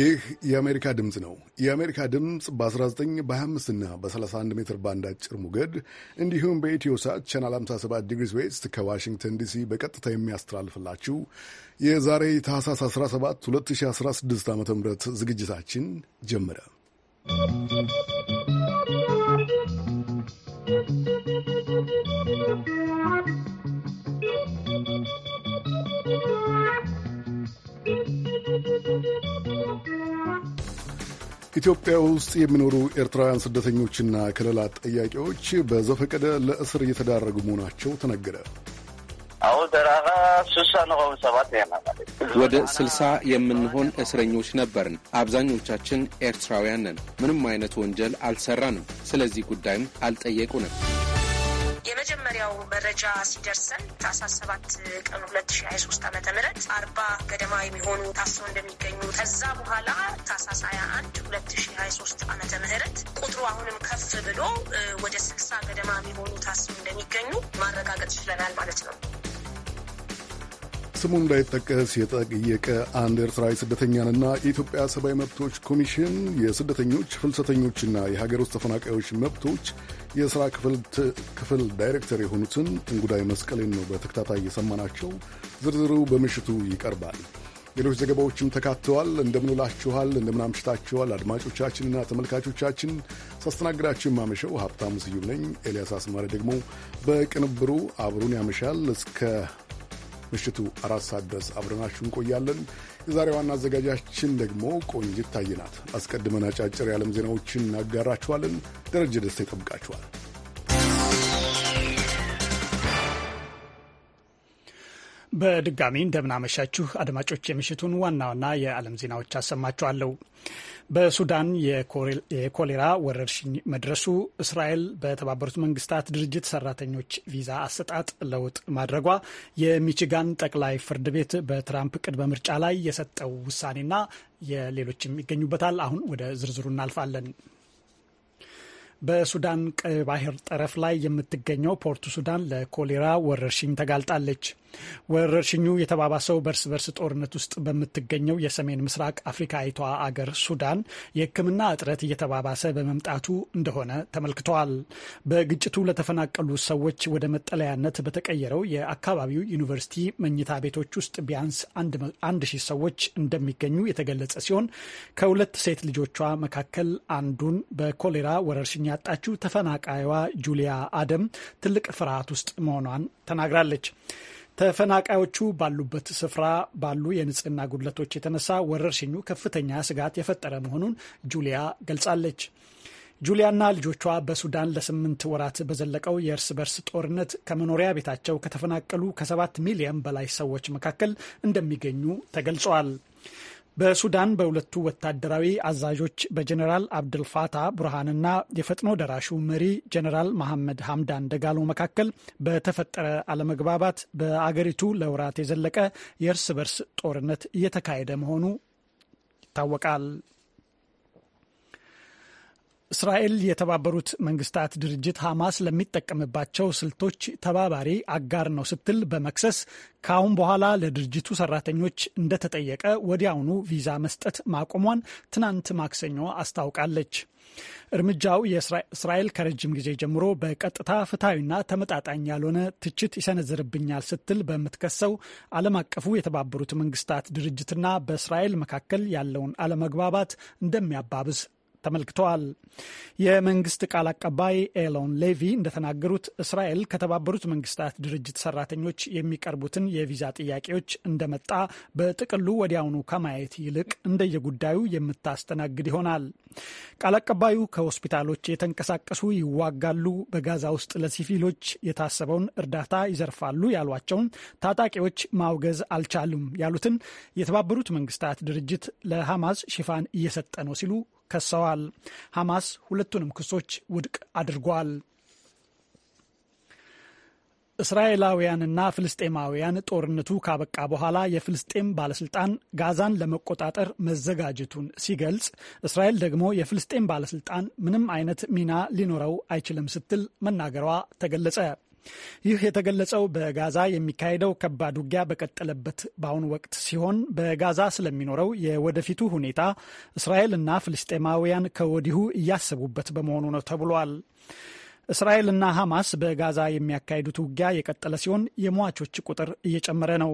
ይህ የአሜሪካ ድምፅ ነው። የአሜሪካ ድምፅ በ19 በ25 እና በ31 ሜትር ባንድ አጭር ሞገድ እንዲሁም በኢትዮሳት ቻናል 57 ዲግሪስ ዌስት ከዋሽንግተን ዲሲ በቀጥታ የሚያስተላልፍላችሁ የዛሬ ታህሳስ 17 2016 ዓ ም ዝግጅታችን ጀመረ። ኢትዮጵያ ውስጥ የሚኖሩ ኤርትራውያን ስደተኞችና ከለላ ጠያቂዎች በዘፈቀደ ለእስር እየተዳረጉ መሆናቸው ተነገረ። ወደ ስልሳ የምንሆን እስረኞች ነበርን። አብዛኞቻችን ኤርትራውያን ነን። ምንም አይነት ወንጀል አልሰራንም። ስለዚህ ጉዳይም አልጠየቁንም። የመጀመሪያው መረጃ ሲደርሰን ታህሳስ ሰባት ቀን ሁለት ሺ ሀያ ሶስት አመተ ምህረት አርባ ገደማ የሚሆኑ ታፍሰው እንደሚገኙ ከዛ በኋላ ታህሳስ ሀያ አንድ ሁለት ሺ ሀያ ሶስት አመተ ምህረት ቁጥሩ አሁንም ከፍ ብሎ ወደ ስልሳ ገደማ የሚሆኑ ታፍሰው እንደሚገኙ ማረጋገጥ ችለናል ማለት ነው። ስሙ እንዳይጠቀስ የጠየቀ አንድ ኤርትራዊ ስደተኛንና የኢትዮጵያ ሰብአዊ መብቶች ኮሚሽን የስደተኞች ፍልሰተኞችና የሀገር ውስጥ ተፈናቃዮች መብቶች የሥራ ክፍል ዳይሬክተር የሆኑትን እንጉዳይ መስቀሌን ነው በተከታታይ እየሰማናቸው ዝርዝሩ በምሽቱ ይቀርባል። ሌሎች ዘገባዎችም ተካተዋል። እንደምንውላችኋል፣ እንደምናምሽታችኋል አድማጮቻችንና ተመልካቾቻችን። ሳስተናግዳችሁ የማመሸው ሀብታሙ ስዩም ነኝ። ኤልያስ አስማሪ ደግሞ በቅንብሩ አብሩን ያመሻል እስከ ምሽቱ አራት ሰዓት ድረስ አብረናችሁ እንቆያለን። የዛሬ ዋና አዘጋጃችን ደግሞ ቆንጅት ታየናት። አስቀድመን አጫጭር የዓለም ዜናዎችን እናጋራችኋለን። ደረጀ ደስታ ይጠብቃችኋል። በድጋሚ እንደምናመሻችሁ አድማጮች፣ የምሽቱን ዋና ዋና የዓለም ዜናዎች አሰማችኋለሁ። በሱዳን የኮሌራ ወረርሽኝ መድረሱ እስራኤል በተባበሩት መንግስታት ድርጅት ሰራተኞች ቪዛ አሰጣጥ ለውጥ ማድረጓ የሚችጋን ጠቅላይ ፍርድ ቤት በትራምፕ ቅድመ ምርጫ ላይ የሰጠው ውሳኔና የሌሎችም ይገኙበታል። አሁን ወደ ዝርዝሩ እናልፋለን። በሱዳን ቀይ ባህር ጠረፍ ላይ የምትገኘው ፖርቱ ሱዳን ለኮሌራ ወረርሽኝ ተጋልጣለች። ወረርሽኙ የተባባሰው በርስ በርስ ጦርነት ውስጥ በምትገኘው የሰሜን ምስራቅ አፍሪካዊቷ አገር ሱዳን የሕክምና እጥረት እየተባባሰ በመምጣቱ እንደሆነ ተመልክተዋል። በግጭቱ ለተፈናቀሉ ሰዎች ወደ መጠለያነት በተቀየረው የአካባቢው ዩኒቨርሲቲ መኝታ ቤቶች ውስጥ ቢያንስ አንድ ሺህ ሰዎች እንደሚገኙ የተገለጸ ሲሆን ከሁለት ሴት ልጆቿ መካከል አንዱን በኮሌራ ወረርሽኝ ያጣችው ተፈናቃይዋ ጁሊያ አደም ትልቅ ፍርሃት ውስጥ መሆኗን ተናግራለች። ተፈናቃዮቹ ባሉበት ስፍራ ባሉ የንጽህና ጉድለቶች የተነሳ ወረርሽኙ ከፍተኛ ስጋት የፈጠረ መሆኑን ጁሊያ ገልጻለች። ጁሊያና ልጆቿ በሱዳን ለስምንት ወራት በዘለቀው የእርስ በርስ ጦርነት ከመኖሪያ ቤታቸው ከተፈናቀሉ ከሰባት ሚሊዮን በላይ ሰዎች መካከል እንደሚገኙ ተገልጿል። በሱዳን በሁለቱ ወታደራዊ አዛዦች በጀኔራል አብድልፋታ ቡርሃንና የፈጥኖ ደራሹ መሪ ጀኔራል መሐመድ ሀምዳን ደጋሎ መካከል በተፈጠረ አለመግባባት በአገሪቱ ለውራት የዘለቀ የእርስ በርስ ጦርነት እየተካሄደ መሆኑ ይታወቃል። እስራኤል የተባበሩት መንግስታት ድርጅት ሐማስ ለሚጠቀምባቸው ስልቶች ተባባሪ አጋር ነው ስትል በመክሰስ ከአሁን በኋላ ለድርጅቱ ሰራተኞች እንደተጠየቀ ወዲያውኑ ቪዛ መስጠት ማቆሟን ትናንት ማክሰኞ አስታውቃለች። እርምጃው የእስራኤል ከረጅም ጊዜ ጀምሮ በቀጥታ ፍትሐዊና ተመጣጣኝ ያልሆነ ትችት ይሰነዝርብኛል ስትል በምትከሰው ዓለም አቀፉ የተባበሩት መንግስታት ድርጅትና በእስራኤል መካከል ያለውን አለመግባባት እንደሚያባብስ ተመልክተዋል። የመንግስት ቃል አቀባይ ኤሎን ሌቪ እንደተናገሩት እስራኤል ከተባበሩት መንግስታት ድርጅት ሰራተኞች የሚቀርቡትን የቪዛ ጥያቄዎች እንደመጣ በጥቅሉ ወዲያውኑ ከማየት ይልቅ እንደየጉዳዩ የምታስተናግድ ይሆናል። ቃል አቀባዩ ከሆስፒታሎች የተንቀሳቀሱ ይዋጋሉ፣ በጋዛ ውስጥ ለሲቪሎች የታሰበውን እርዳታ ይዘርፋሉ ያሏቸውን ታጣቂዎች ማውገዝ አልቻሉም ያሉትን የተባበሩት መንግስታት ድርጅት ለሐማስ ሽፋን እየሰጠ ነው ሲሉ ከሰዋል። ሐማስ ሁለቱንም ክሶች ውድቅ አድርጓል። እስራኤላውያንና ፍልስጤማውያን ጦርነቱ ካበቃ በኋላ የፍልስጤም ባለስልጣን ጋዛን ለመቆጣጠር መዘጋጀቱን ሲገልጽ፣ እስራኤል ደግሞ የፍልስጤም ባለስልጣን ምንም አይነት ሚና ሊኖረው አይችልም ስትል መናገሯ ተገለጸ። ይህ የተገለጸው በጋዛ የሚካሄደው ከባድ ውጊያ በቀጠለበት በአሁኑ ወቅት ሲሆን በጋዛ ስለሚኖረው የወደፊቱ ሁኔታ እስራኤል እና ፍልስጤማውያን ከወዲሁ እያሰቡበት በመሆኑ ነው ተብሏል። እስራኤልና ሐማስ በጋዛ የሚያካሂዱት ውጊያ የቀጠለ ሲሆን የሟቾች ቁጥር እየጨመረ ነው።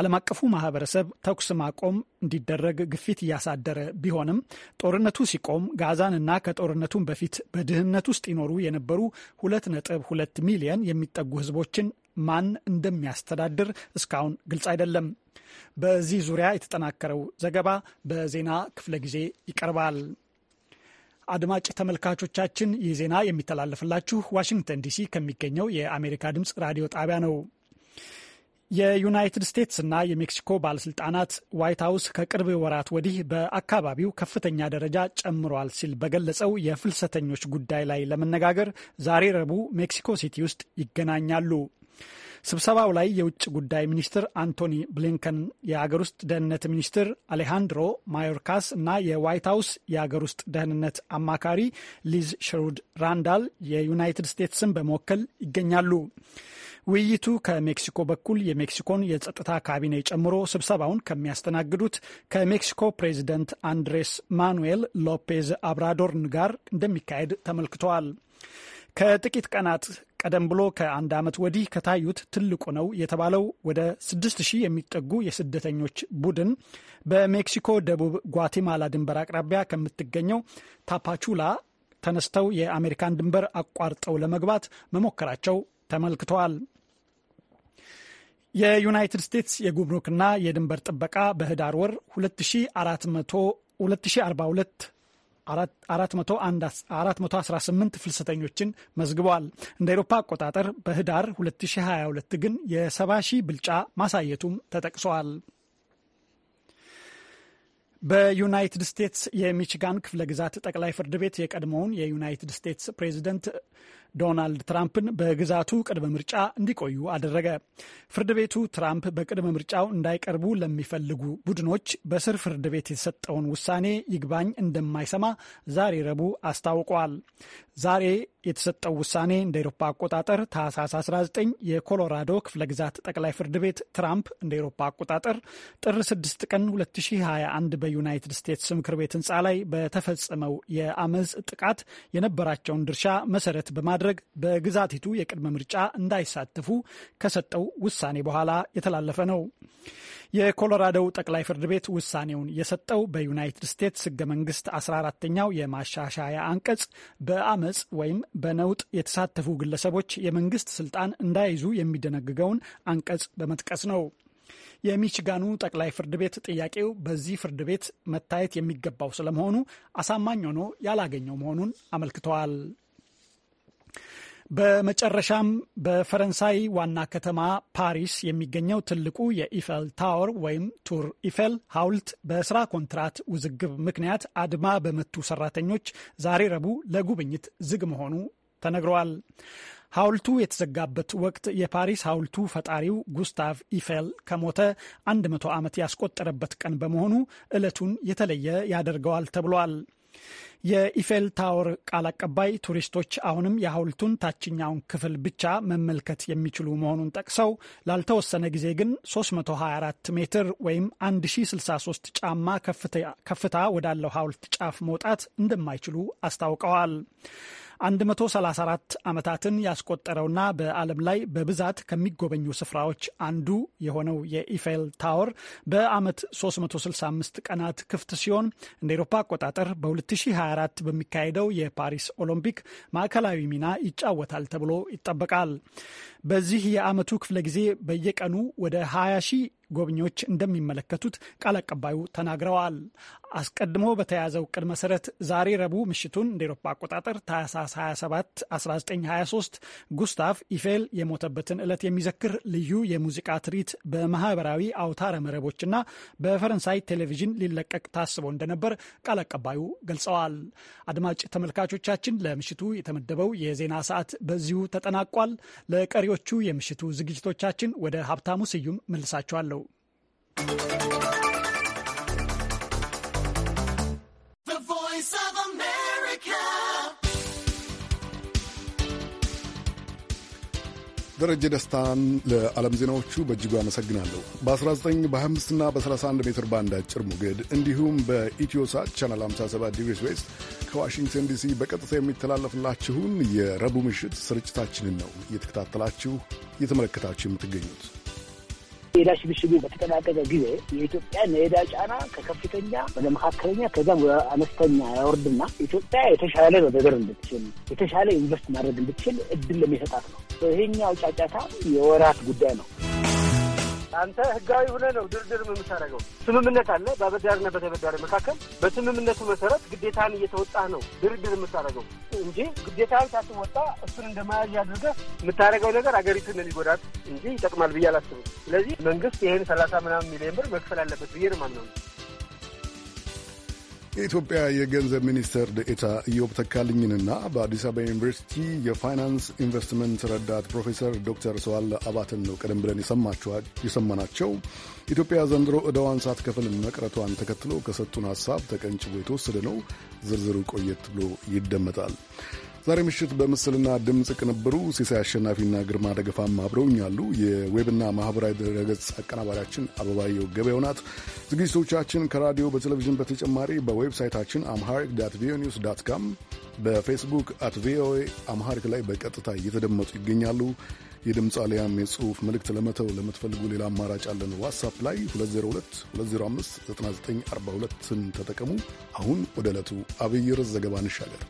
ዓለም አቀፉ ማህበረሰብ ተኩስ ማቆም እንዲደረግ ግፊት እያሳደረ ቢሆንም ጦርነቱ ሲቆም ጋዛንና ከጦርነቱን በፊት በድህነት ውስጥ ይኖሩ የነበሩ ሁለት ነጥብ ሁለት ሚሊየን የሚጠጉ ህዝቦችን ማን እንደሚያስተዳድር እስካሁን ግልጽ አይደለም። በዚህ ዙሪያ የተጠናከረው ዘገባ በዜና ክፍለ ጊዜ ይቀርባል። አድማጭ ተመልካቾቻችን ይህ ዜና የሚተላለፍላችሁ ዋሽንግተን ዲሲ ከሚገኘው የአሜሪካ ድምፅ ራዲዮ ጣቢያ ነው። የዩናይትድ ስቴትስ እና የሜክሲኮ ባለስልጣናት ዋይት ሀውስ ከቅርብ ወራት ወዲህ በአካባቢው ከፍተኛ ደረጃ ጨምሯል ሲል በገለጸው የፍልሰተኞች ጉዳይ ላይ ለመነጋገር ዛሬ ረቡዕ ሜክሲኮ ሲቲ ውስጥ ይገናኛሉ። ስብሰባው ላይ የውጭ ጉዳይ ሚኒስትር አንቶኒ ብሊንከን፣ የአገር ውስጥ ደህንነት ሚኒስትር አሌሃንድሮ ማዮርካስ እና የዋይት ሀውስ የአገር ውስጥ ደህንነት አማካሪ ሊዝ ሸሩድ ራንዳል የዩናይትድ ስቴትስን በመወከል ይገኛሉ። ውይይቱ ከሜክሲኮ በኩል የሜክሲኮን የጸጥታ ካቢኔ ጨምሮ ስብሰባውን ከሚያስተናግዱት ከሜክሲኮ ፕሬዚደንት አንድሬስ ማኑኤል ሎፔዝ አብራዶርን ጋር እንደሚካሄድ ተመልክተዋል። ከጥቂት ቀናት ቀደም ብሎ ከአንድ ዓመት ወዲህ ከታዩት ትልቁ ነው የተባለው ወደ ስድስት የሚጠጉ የስደተኞች ቡድን በሜክሲኮ ደቡብ ጓቴማላ ድንበር አቅራቢያ ከምትገኘው ታፓቹላ ተነስተው የአሜሪካን ድንበር አቋርጠው ለመግባት መሞከራቸው ተመልክተዋል። የዩናይትድ ስቴትስ የጉምሩክና የድንበር ጥበቃ በህዳር ወር 2442 418 ፍልሰተኞችን መዝግበዋል። እንደ ኤሮፓ አቆጣጠር በህዳር 2022 ግን የ70 ሺህ ብልጫ ማሳየቱም ተጠቅሰዋል። በዩናይትድ ስቴትስ የሚችጋን ክፍለ ግዛት ጠቅላይ ፍርድ ቤት የቀድሞውን የዩናይትድ ስቴትስ ፕሬዚደንት ዶናልድ ትራምፕን በግዛቱ ቅድመ ምርጫ እንዲቆዩ አደረገ። ፍርድ ቤቱ ትራምፕ በቅድመ ምርጫው እንዳይቀርቡ ለሚፈልጉ ቡድኖች በስር ፍርድ ቤት የተሰጠውን ውሳኔ ይግባኝ እንደማይሰማ ዛሬ ረቡዕ አስታውቋል። ዛሬ የተሰጠው ውሳኔ እንደ ኤሮፓ አቆጣጠር ታህሳስ 19 የኮሎራዶ ክፍለ ግዛት ጠቅላይ ፍርድ ቤት ትራምፕ እንደ ኤሮፓ አቆጣጠር ጥር 6 ቀን 2021 በዩናይትድ ስቴትስ ምክር ቤት ህንፃ ላይ በተፈጸመው የአመፅ ጥቃት የነበራቸውን ድርሻ መሰረት በማድረግ በማድረግ በግዛቲቱ የቅድመ ምርጫ እንዳይሳተፉ ከሰጠው ውሳኔ በኋላ የተላለፈ ነው። የኮሎራዶው ጠቅላይ ፍርድ ቤት ውሳኔውን የሰጠው በዩናይትድ ስቴትስ ሕገ መንግስት 14ተኛው የማሻሻያ አንቀጽ በአመፅ ወይም በነውጥ የተሳተፉ ግለሰቦች የመንግስት ስልጣን እንዳይዙ የሚደነግገውን አንቀጽ በመጥቀስ ነው። የሚችጋኑ ጠቅላይ ፍርድ ቤት ጥያቄው በዚህ ፍርድ ቤት መታየት የሚገባው ስለመሆኑ አሳማኝ ሆኖ ያላገኘው መሆኑን አመልክተዋል። በመጨረሻም በፈረንሳይ ዋና ከተማ ፓሪስ የሚገኘው ትልቁ የኢፌል ታወር ወይም ቱር ኢፌል ሐውልት በስራ ኮንትራት ውዝግብ ምክንያት አድማ በመቱ ሰራተኞች ዛሬ ረቡዕ ለጉብኝት ዝግ መሆኑ ተነግረዋል። ሐውልቱ የተዘጋበት ወቅት የፓሪስ ሐውልቱ ፈጣሪው ጉስታቭ ኢፌል ከሞተ 100 ዓመት ያስቆጠረበት ቀን በመሆኑ ዕለቱን የተለየ ያደርገዋል ተብሏል። የኢፌል ታወር ቃል አቀባይ ቱሪስቶች አሁንም የሐውልቱን ታችኛውን ክፍል ብቻ መመልከት የሚችሉ መሆኑን ጠቅሰው ላልተወሰነ ጊዜ ግን 324 ሜትር ወይም 1063 ጫማ ከፍታ ወዳለው ሐውልት ጫፍ መውጣት እንደማይችሉ አስታውቀዋል። 134 ዓመታትን ያስቆጠረውና በዓለም ላይ በብዛት ከሚጎበኙ ስፍራዎች አንዱ የሆነው የኢፌል ታወር በዓመት 365 ቀናት ክፍት ሲሆን እንደ ኤሮፓ አቆጣጠር በ2024 በሚካሄደው የፓሪስ ኦሎምፒክ ማዕከላዊ ሚና ይጫወታል ተብሎ ይጠበቃል። በዚህ የዓመቱ ክፍለ ጊዜ በየቀኑ ወደ 20 ሺህ ጎብኚዎች እንደሚመለከቱት ቃል አቀባዩ ተናግረዋል። አስቀድሞ በተያዘው እቅድ መሰረት ዛሬ ረቡዕ ምሽቱን እንደ ኤሮፓ አቆጣጠር ታህሳስ 27 1923 ጉስታፍ ኢፌል የሞተበትን ዕለት የሚዘክር ልዩ የሙዚቃ ትርኢት በማህበራዊ አውታረ መረቦችና በፈረንሳይ ቴሌቪዥን ሊለቀቅ ታስቦ እንደነበር ቃል አቀባዩ ገልጸዋል። አድማጭ ተመልካቾቻችን ለምሽቱ የተመደበው የዜና ሰዓት በዚሁ ተጠናቋል። ለቀሪዎቹ የምሽቱ ዝግጅቶቻችን ወደ ሀብታሙ ስዩም you. ደረጀ ደስታን ለዓለም ዜናዎቹ በእጅጉ አመሰግናለሁ። በ19 በ25ና በ31 ሜትር ባንድ አጭር ሞገድ እንዲሁም በኢትዮሳት ቻናል 57 ዲግሪስ ዌስት ከዋሽንግተን ዲሲ በቀጥታ የሚተላለፍላችሁን የረቡዕ ምሽት ስርጭታችንን ነው እየተከታተላችሁ እየተመለከታችሁ የምትገኙት። የዳሽ ሽግሽጉ በተጠናቀቀ ጊዜ የኢትዮጵያን የዕዳ ጫና ከከፍተኛ ወደ መካከለኛ ከዛም ወደ አነስተኛ ያወርድና ኢትዮጵያ የተሻለ መበደር እንድትችል የተሻለ ኢንቨስት ማድረግ እንድትችል እድል ለሚሰጣት ነው። ይሄኛው ጫጫታ የወራት ጉዳይ ነው። አንተ ህጋዊ ሆነ ነው ድርድር የምታደርገው። ስምምነት አለ በአበዳሪና በተበዳሪ መካከል። በስምምነቱ መሰረት ግዴታን እየተወጣ ነው ድርድር የምታደርገው እንጂ ግዴታን ሳትወጣ እሱን እንደመያዝ አድርገህ የምታደርገው ነገር አገሪቱን ሊጎዳት እንጂ ይጠቅማል ብዬ አላስብም። ስለዚህ መንግስት ይህን ሰላሳ ምናምን ሚሊዮን ብር መክፈል አለበት ብዬ ነው ማምነው። የኢትዮጵያ የገንዘብ ሚኒስትር ደኤታ ኢዮብ ተካልኝንና በአዲስ አበባ ዩኒቨርሲቲ የፋይናንስ ኢንቨስትመንት ረዳት ፕሮፌሰር ዶክተር ሰዋለ አባትን ነው ቀደም ብለን የሰማናቸው። ኢትዮጵያ ዘንድሮ ዕዳዋን ሳትከፍል መቅረቷን ተከትሎ ከሰጡን ሀሳብ ተቀንጭቦ የተወሰደ ነው። ዝርዝሩ ቆየት ብሎ ይደመጣል። ዛሬ ምሽት በምስልና ድምፅ ቅንብሩ ሲሳይ አሸናፊና ግርማ ደገፋም አብረውኛሉ። የዌብና ማህበራዊ ድረገጽ አቀናባሪያችን አበባየው ገበያው ናት። ዝግጅቶቻችን ከራዲዮ በቴሌቪዥን በተጨማሪ በዌብሳይታችን አምሃሪክ ዳት ቪኦኤ ኒውስ ዳት ካም፣ በፌስቡክ አት ቪኦኤ አምሃሪክ ላይ በቀጥታ እየተደመጡ ይገኛሉ። የድምፅ አሊያም የጽሁፍ መልእክት ለመተው ለምትፈልጉ ሌላ አማራጭ አለን። ዋትሳፕ ላይ 2022059942ን ተጠቀሙ። አሁን ወደ ዕለቱ አብይ ርዕስ ዘገባ እንሻገር።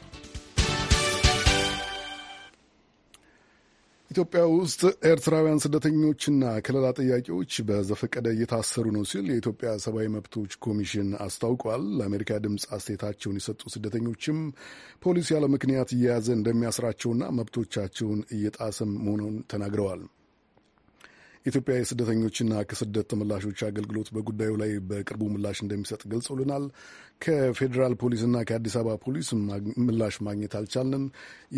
ኢትዮጵያ ውስጥ ኤርትራውያን ስደተኞችና ከለላ ጥያቄዎች በዘፈቀደ እየታሰሩ ነው ሲል የኢትዮጵያ ሰብአዊ መብቶች ኮሚሽን አስታውቋል። ለአሜሪካ ድምፅ አስተያየታቸውን የሰጡ ስደተኞችም ፖሊስ ያለ ምክንያት እየያዘ እንደሚያስራቸውና መብቶቻቸውን እየጣሰም መሆኑን ተናግረዋል። ኢትዮጵያ የስደተኞችና ከስደት ተመላሾች አገልግሎት በጉዳዩ ላይ በቅርቡ ምላሽ እንደሚሰጥ ገልጾልናል። ከፌዴራል ፖሊስና ከአዲስ አበባ ፖሊስ ምላሽ ማግኘት አልቻልንም።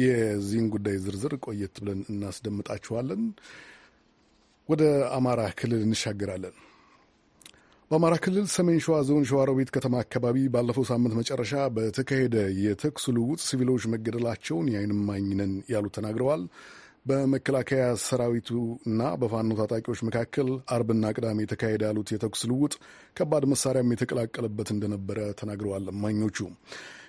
የዚህን ጉዳይ ዝርዝር ቆየት ብለን እናስደምጣችኋለን። ወደ አማራ ክልል እንሻገራለን። በአማራ ክልል ሰሜን ሸዋ ዞን ሸዋሮቢት ከተማ አካባቢ ባለፈው ሳምንት መጨረሻ በተካሄደ የተኩስ ልውውጥ ሲቪሎች መገደላቸውን የዓይን እማኝ ነን ያሉት ተናግረዋል። በመከላከያ ሰራዊቱና በፋኖ ታጣቂዎች መካከል አርብና ቅዳሜ ተካሄደ ያሉት የተኩስ ልውጥ ከባድ መሳሪያም የተቀላቀለበት እንደነበረ ተናግረዋል እማኞቹ።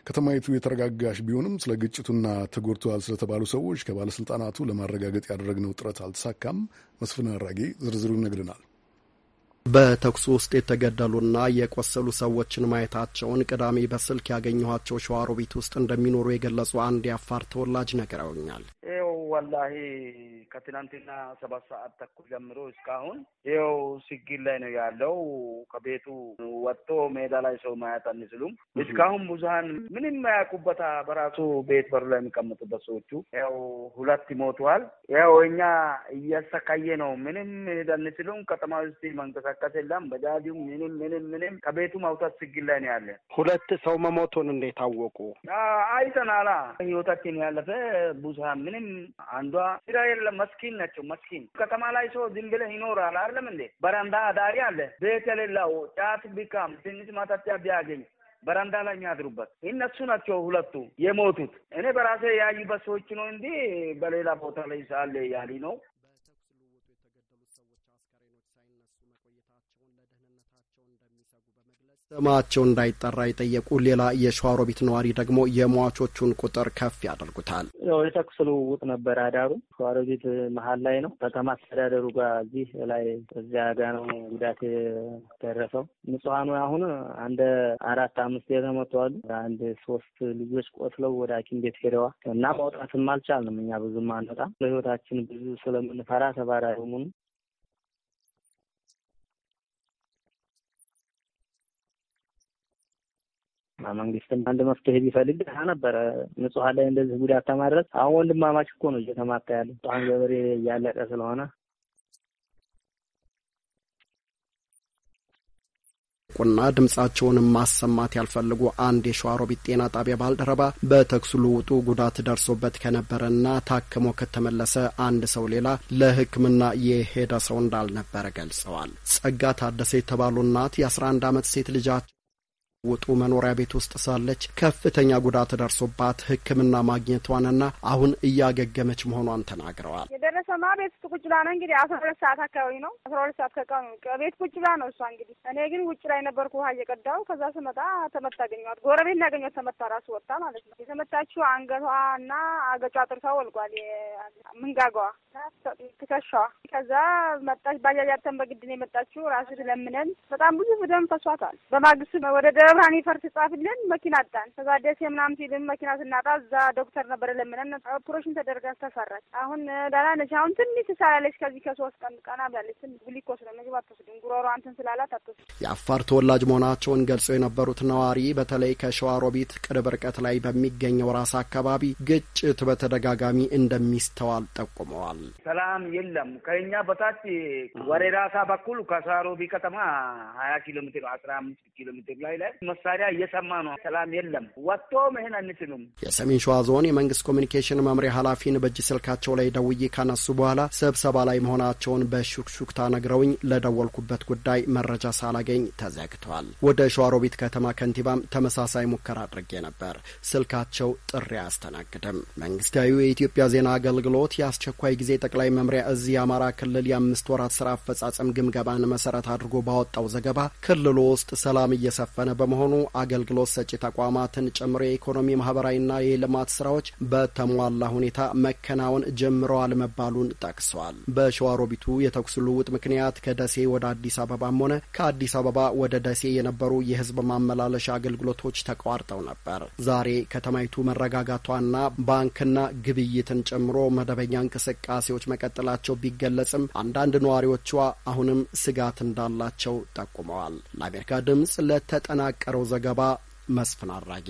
ከተማይቱ የተረጋጋሽ ቢሆንም ስለ ግጭቱና ተጎድተዋል ስለተባሉ ሰዎች ከባለስልጣናቱ ለማረጋገጥ ያደረግነው ጥረት አልተሳካም። መስፍን አራጌ ዝርዝሩ ይነግረናል። በተኩስ ውስጥ የተገደሉና የቆሰሉ ሰዎችን ማየታቸውን ቅዳሜ በስልክ ያገኘኋቸው ሸዋሮቢት ውስጥ እንደሚኖሩ የገለጹ አንድ የአፋር ተወላጅ ነግረውኛል። ይኸው ወላሂ ከትናንትና ሰባት ሰዓት ተኩል ጀምሮ እስካሁን ይኸው ችግር ላይ ነው ያለው። ከቤቱ ወጥቶ ሜዳ ላይ ሰው ማየት አንችሉም። እስካሁን ብዙሀን ምንም ማያውቁበት በራሱ ቤት በሩ ላይ የሚቀምጡበት ሰዎቹ ያው ሁለት ይሞተዋል። ያው እኛ እያሰቃየ ነው። ምንም ሄድ አንችሉም። ከተማ ውስጥ መንቀሳ የሚንቀሳቀስ የለም። በጃጁም ምንም ምንም ምንም ከቤቱ መውጣት ችግር ላይ ነው ያለ። ሁለት ሰው መሞቱን እንዴት አወቁ? አይተናላ ህይወታችን ያለፈ ቡሳ ምንም አንዷ ስራ የለም። መስኪን ናቸው መስኪን። ከተማ ላይ ሰው ዝም ብለ ይኖራል አይደለም እንዴ? በረንዳ አዳሪ አለ። ቤት የሌለው ጫት ቢካም ትንሽ ማጠጫ ቢያገኝ በረንዳ ላይ የሚያድሩበት እነሱ ናቸው ሁለቱ የሞቱት። እኔ በራሴ ያዩበት ሰዎች ነው እንጂ በሌላ ቦታ ላይ ሳለ ያሊ ነው ስማቸው እንዳይጠራ የጠየቁ ሌላ የሸዋሮቢት ነዋሪ ደግሞ የሟቾቹን ቁጥር ከፍ ያደርጉታል። የተኩስ ልውውጥ ነበር አዳሩ ሸዋሮቢት መሀል ላይ ነው። ከተማ አስተዳደሩ ጋር እዚህ ላይ እዚያ ጋ ነው ጉዳት ደረሰው። ንጹሐኑ አሁን አንድ አራት አምስት የተመቱ አሉ። አንድ ሶስት ልጆች ቆስለው ወደ ሐኪም ቤት ሄደዋ እና ማውጣትም አልቻልንም። እኛ ብዙም አንወጣም ለህይወታችን ብዙ ስለምንፈራ ተባራሪ ሙኑ መንግስትም አንድ መፍትሄ ቢፈልግ ደህና ነበረ። ንጹሐን ላይ እንደዚህ ጉዳት ተማድረስ አሁን ወንድማማች እኮ ነው እየተማታ ያለ ንጹሐን ገበሬ እያለቀ ስለሆነ ቁና ድምጻቸውን ማሰማት ያልፈልጉ አንድ የሸዋሮቢት ጤና ጣቢያ ባልደረባ በተኩስ ልውጡ ጉዳት ደርሶበት ከነበረና ታክሞ ከተመለሰ አንድ ሰው ሌላ ለሕክምና የሄደ ሰው እንዳልነበረ ገልጸዋል። ጸጋ ታደሰ የተባሉ እናት የ11 ዓመት ሴት ልጃቸው ውጡ መኖሪያ ቤት ውስጥ ሳለች ከፍተኛ ጉዳት ደርሶባት ሕክምና ማግኘቷንና አሁን እያገገመች መሆኗን ተናግረዋል። ደረሰማ ቤት ውስጥ ቁጭ ብላ ነው እንግዲህ አስራ ሁለት ሰዓት አካባቢ ነው አስራ ሁለት ሰዓት ከቀኑ ቤት ቁጭ ብላ ነው እሷ እንግዲህ። እኔ ግን ውጭ ላይ ነበርኩ ውሃ እየቀዳው ከዛ ስመጣ ተመታ አገኘኋት። ጎረቤት እናገኘኋት ተመታ ራሱ ወጣ ማለት ነው። የተመታችው አንገቷ እና አገጯ ጥርሷ ወልጓል ምንጋጓ ትከሻዋ። ከዛ መጣች ባጃጃተን በግድን የመጣችው ራሱ ለምነን በጣም ብዙ ደም ፈሷታል። በማግስቱ ወደ ደብረ ብርሃን ፈርት ጻፍልን መኪና አጣን። ከዛ ደሴ ምናምን ሲልም መኪና ስናጣ እዛ ዶክተር ነበር ለምነን ኦፕሬሽን ተደርጋ ተሰራች። አሁን ደህና ትሰራለች። አሁን ትንሽ ትሰራለች። ከዚህ ከሶስት ቀን ቀና ብላለች። ትንሽ ግሊኮስ ለምግብ አትወስድም። ጉሮሮ አንትን ስላላት አትወስድም። የአፋር ተወላጅ መሆናቸውን ገልጸው የነበሩት ነዋሪ በተለይ ከሸዋሮቢት ቅርብ ርቀት ላይ በሚገኘው ራስ አካባቢ ግጭት በተደጋጋሚ እንደሚስተዋል ጠቁመዋል። ሰላም የለም። ከኛ በታች ወሬ ራሳ በኩል ከሸዋሮቢ ከተማ ሀያ ኪሎ ሜትር አስራ አምስት ኪሎ ሜትር ላይ ላይ መሳሪያ እየሰማ ነው። ሰላም የለም። ወጥቶ መሄን አንችሉም። የሰሜን ሸዋ ዞን የመንግስት ኮሚኒኬሽን መምሪያ ኃላፊን በእጅ ስልካቸው ላይ ደውዬ ካና ከተነሱ በኋላ ስብሰባ ላይ መሆናቸውን በሹክሹክታ ነግረውኝ ለደወልኩበት ጉዳይ መረጃ ሳላገኝ ተዘግቷል። ወደ ሸዋሮቢት ከተማ ከንቲባም ተመሳሳይ ሙከራ አድርጌ ነበር። ስልካቸው ጥሪ አያስተናግድም። መንግስታዊ የኢትዮጵያ ዜና አገልግሎት የአስቸኳይ ጊዜ ጠቅላይ መምሪያ እዚህ የአማራ ክልል የአምስት ወራት ስራ አፈጻጸም ግምገማን መሰረት አድርጎ ባወጣው ዘገባ ክልሉ ውስጥ ሰላም እየሰፈነ በመሆኑ አገልግሎት ሰጪ ተቋማትን ጨምሮ የኢኮኖሚ ማህበራዊና የልማት ስራዎች በተሟላ ሁኔታ መከናወን ጀምረዋል መባል መክፈሉን ጠቅሰዋል። በሸዋሮቢቱ የተኩስ ልውውጥ ምክንያት ከደሴ ወደ አዲስ አበባም ሆነ ከአዲስ አበባ ወደ ደሴ የነበሩ የህዝብ ማመላለሻ አገልግሎቶች ተቋርጠው ነበር። ዛሬ ከተማይቱ መረጋጋቷና ባንክና ግብይትን ጨምሮ መደበኛ እንቅስቃሴዎች መቀጠላቸው ቢገለጽም አንዳንድ ነዋሪዎቿ አሁንም ስጋት እንዳላቸው ጠቁመዋል። ለአሜሪካ ድምፅ ለተጠናቀረው ዘገባ መስፍን አራጌ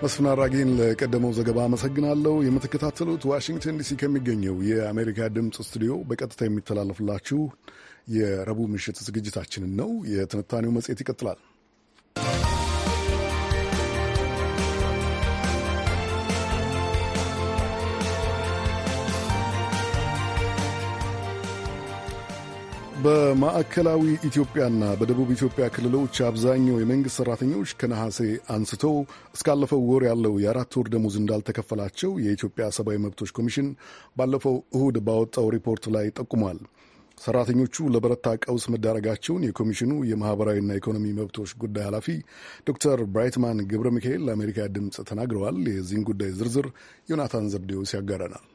መስፍን አራጌን ለቀደመው ዘገባ አመሰግናለሁ። የምትከታተሉት ዋሽንግተን ዲሲ ከሚገኘው የአሜሪካ ድምፅ ስቱዲዮ በቀጥታ የሚተላለፍላችሁ የረቡዕ ምሽት ዝግጅታችንን ነው። የትንታኔው መጽሔት ይቀጥላል። በማዕከላዊ ኢትዮጵያና በደቡብ ኢትዮጵያ ክልሎች አብዛኛው የመንግሥት ሠራተኞች ከነሐሴ አንስተው እስካለፈው ወር ያለው የአራት ወር ደሞዝ እንዳልተከፈላቸው የኢትዮጵያ ሰብአዊ መብቶች ኮሚሽን ባለፈው እሁድ ባወጣው ሪፖርት ላይ ጠቁሟል። ሠራተኞቹ ለበረታ ቀውስ መዳረጋቸውን የኮሚሽኑ የማኅበራዊና ኢኮኖሚ መብቶች ጉዳይ ኃላፊ ዶክተር ብራይትማን ገብረ ሚካኤል ለአሜሪካ ድምፅ ተናግረዋል። የዚህን ጉዳይ ዝርዝር ዮናታን ዘብዴዎስ ያጋረናል።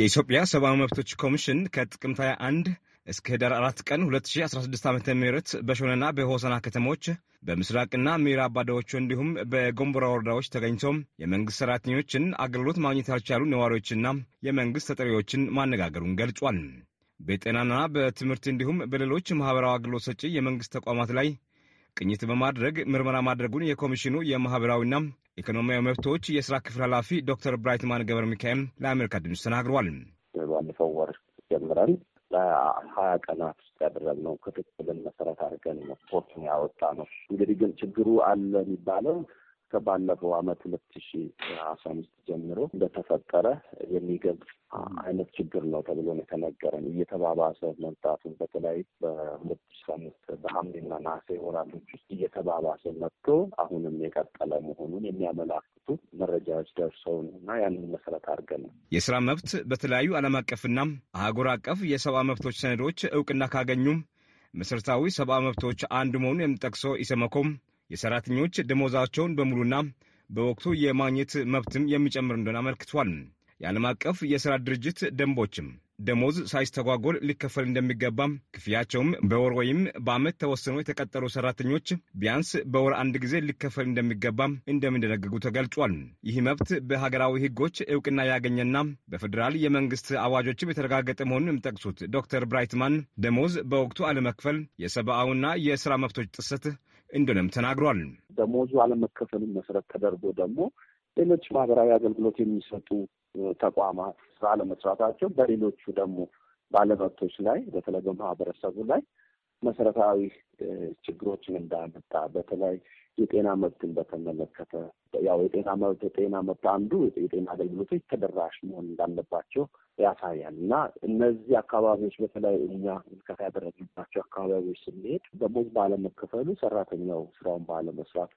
የኢትዮጵያ ሰብአዊ መብቶች ኮሚሽን ከጥቅምት 21 እስከ ህዳር አራት ቀን 2016 ዓ ም በሾነና በሆሰና ከተሞች በምስራቅና ምዕራብ ባዳዎቹ እንዲሁም በጎንቦራ ወረዳዎች ተገኝተው የመንግስት ሰራተኞችን አገልግሎት ማግኘት ያልቻሉ ነዋሪዎችና የመንግስት ተጠሪዎችን ማነጋገሩን ገልጿል። በጤናና በትምህርት እንዲሁም በሌሎች ማህበራዊ አገልግሎት ሰጪ የመንግስት ተቋማት ላይ ቅኝት በማድረግ ምርመራ ማድረጉን የኮሚሽኑ የማህበራዊና ኢኮኖሚያዊ መብቶች የስራ ክፍል ኃላፊ ዶክተር ብራይትማን ገብረ ሚካኤል ለአሜሪካ ድምፅ ተናግሯል። ባለፈው ወር ጀምረን ለሀያ ቀናት ውስጥ ያደረግነው ክትትልን መሰረት አድርገን ስፖርትን ያወጣ ነው። እንግዲህ ግን ችግሩ አለ የሚባለው ከባለፈው አመት ሁለት ሺ አስራ አምስት ጀምሮ እንደተፈጠረ የሚገልጽ አይነት ችግር ነው ተብሎ ነው የተነገረን። እየተባባሰ መምጣቱን በተለይ በሁለት ሺ አምስት በሐምሌና ነሐሴ ወራቶች ውስጥ እየተባባሰ መጥቶ አሁንም የቀጠለ መሆኑን የሚያመላክቱ መረጃዎች ደርሰውን እና ያንን መሰረት አድርገን ነው የስራ መብት በተለያዩ ዓለም አቀፍና አህጉር አቀፍ የሰብአዊ መብቶች ሰነዶች እውቅና ካገኙም መሰረታዊ ሰብአዊ መብቶች አንዱ መሆኑን የሚጠቅሰው ኢሰመኮም የሰራተኞች ደሞዛቸውን በሙሉና በወቅቱ የማግኘት መብትም የሚጨምር እንደሆነ አመልክቷል። የዓለም አቀፍ የሥራ ድርጅት ደንቦችም ደሞዝ ሳይስተጓጎል ሊከፈል እንደሚገባ ክፍያቸውም በወር ወይም በዓመት ተወስኖ የተቀጠሩ ሰራተኞች ቢያንስ በወር አንድ ጊዜ ሊከፈል እንደሚገባ እንደሚደነግጉ ተገልጿል። ይህ መብት በሀገራዊ ሕጎች እውቅና ያገኘና በፌዴራል የመንግስት አዋጆችም የተረጋገጠ መሆኑን የሚጠቅሱት ዶክተር ብራይትማን ደሞዝ በወቅቱ አለመክፈል የሰብአዊና የሥራ መብቶች ጥሰት እንደሆነም ተናግሯል። ደሞዙ አለመከፈሉን መሰረት ተደርጎ ደግሞ ሌሎች ማህበራዊ አገልግሎት የሚሰጡ ተቋማት ስራ ለመስራታቸው በሌሎቹ ደግሞ ባለመብቶች ላይ በተለይ በማህበረሰቡ ላይ መሰረታዊ ችግሮችን እንዳመጣ በተለይ የጤና መብትን በተመለከተ ያው የጤና መብት የጤና መብት አንዱ የጤና አገልግሎቶች ተደራሽ መሆን እንዳለባቸው ያሳያል እና እነዚህ አካባቢዎች በተለይ እኛ ምልከታ ያደረግንባቸው አካባቢዎች ስንሄድ ደሞዝ ባለመከፈሉ፣ ሰራተኛው ስራውን ባለመስራቱ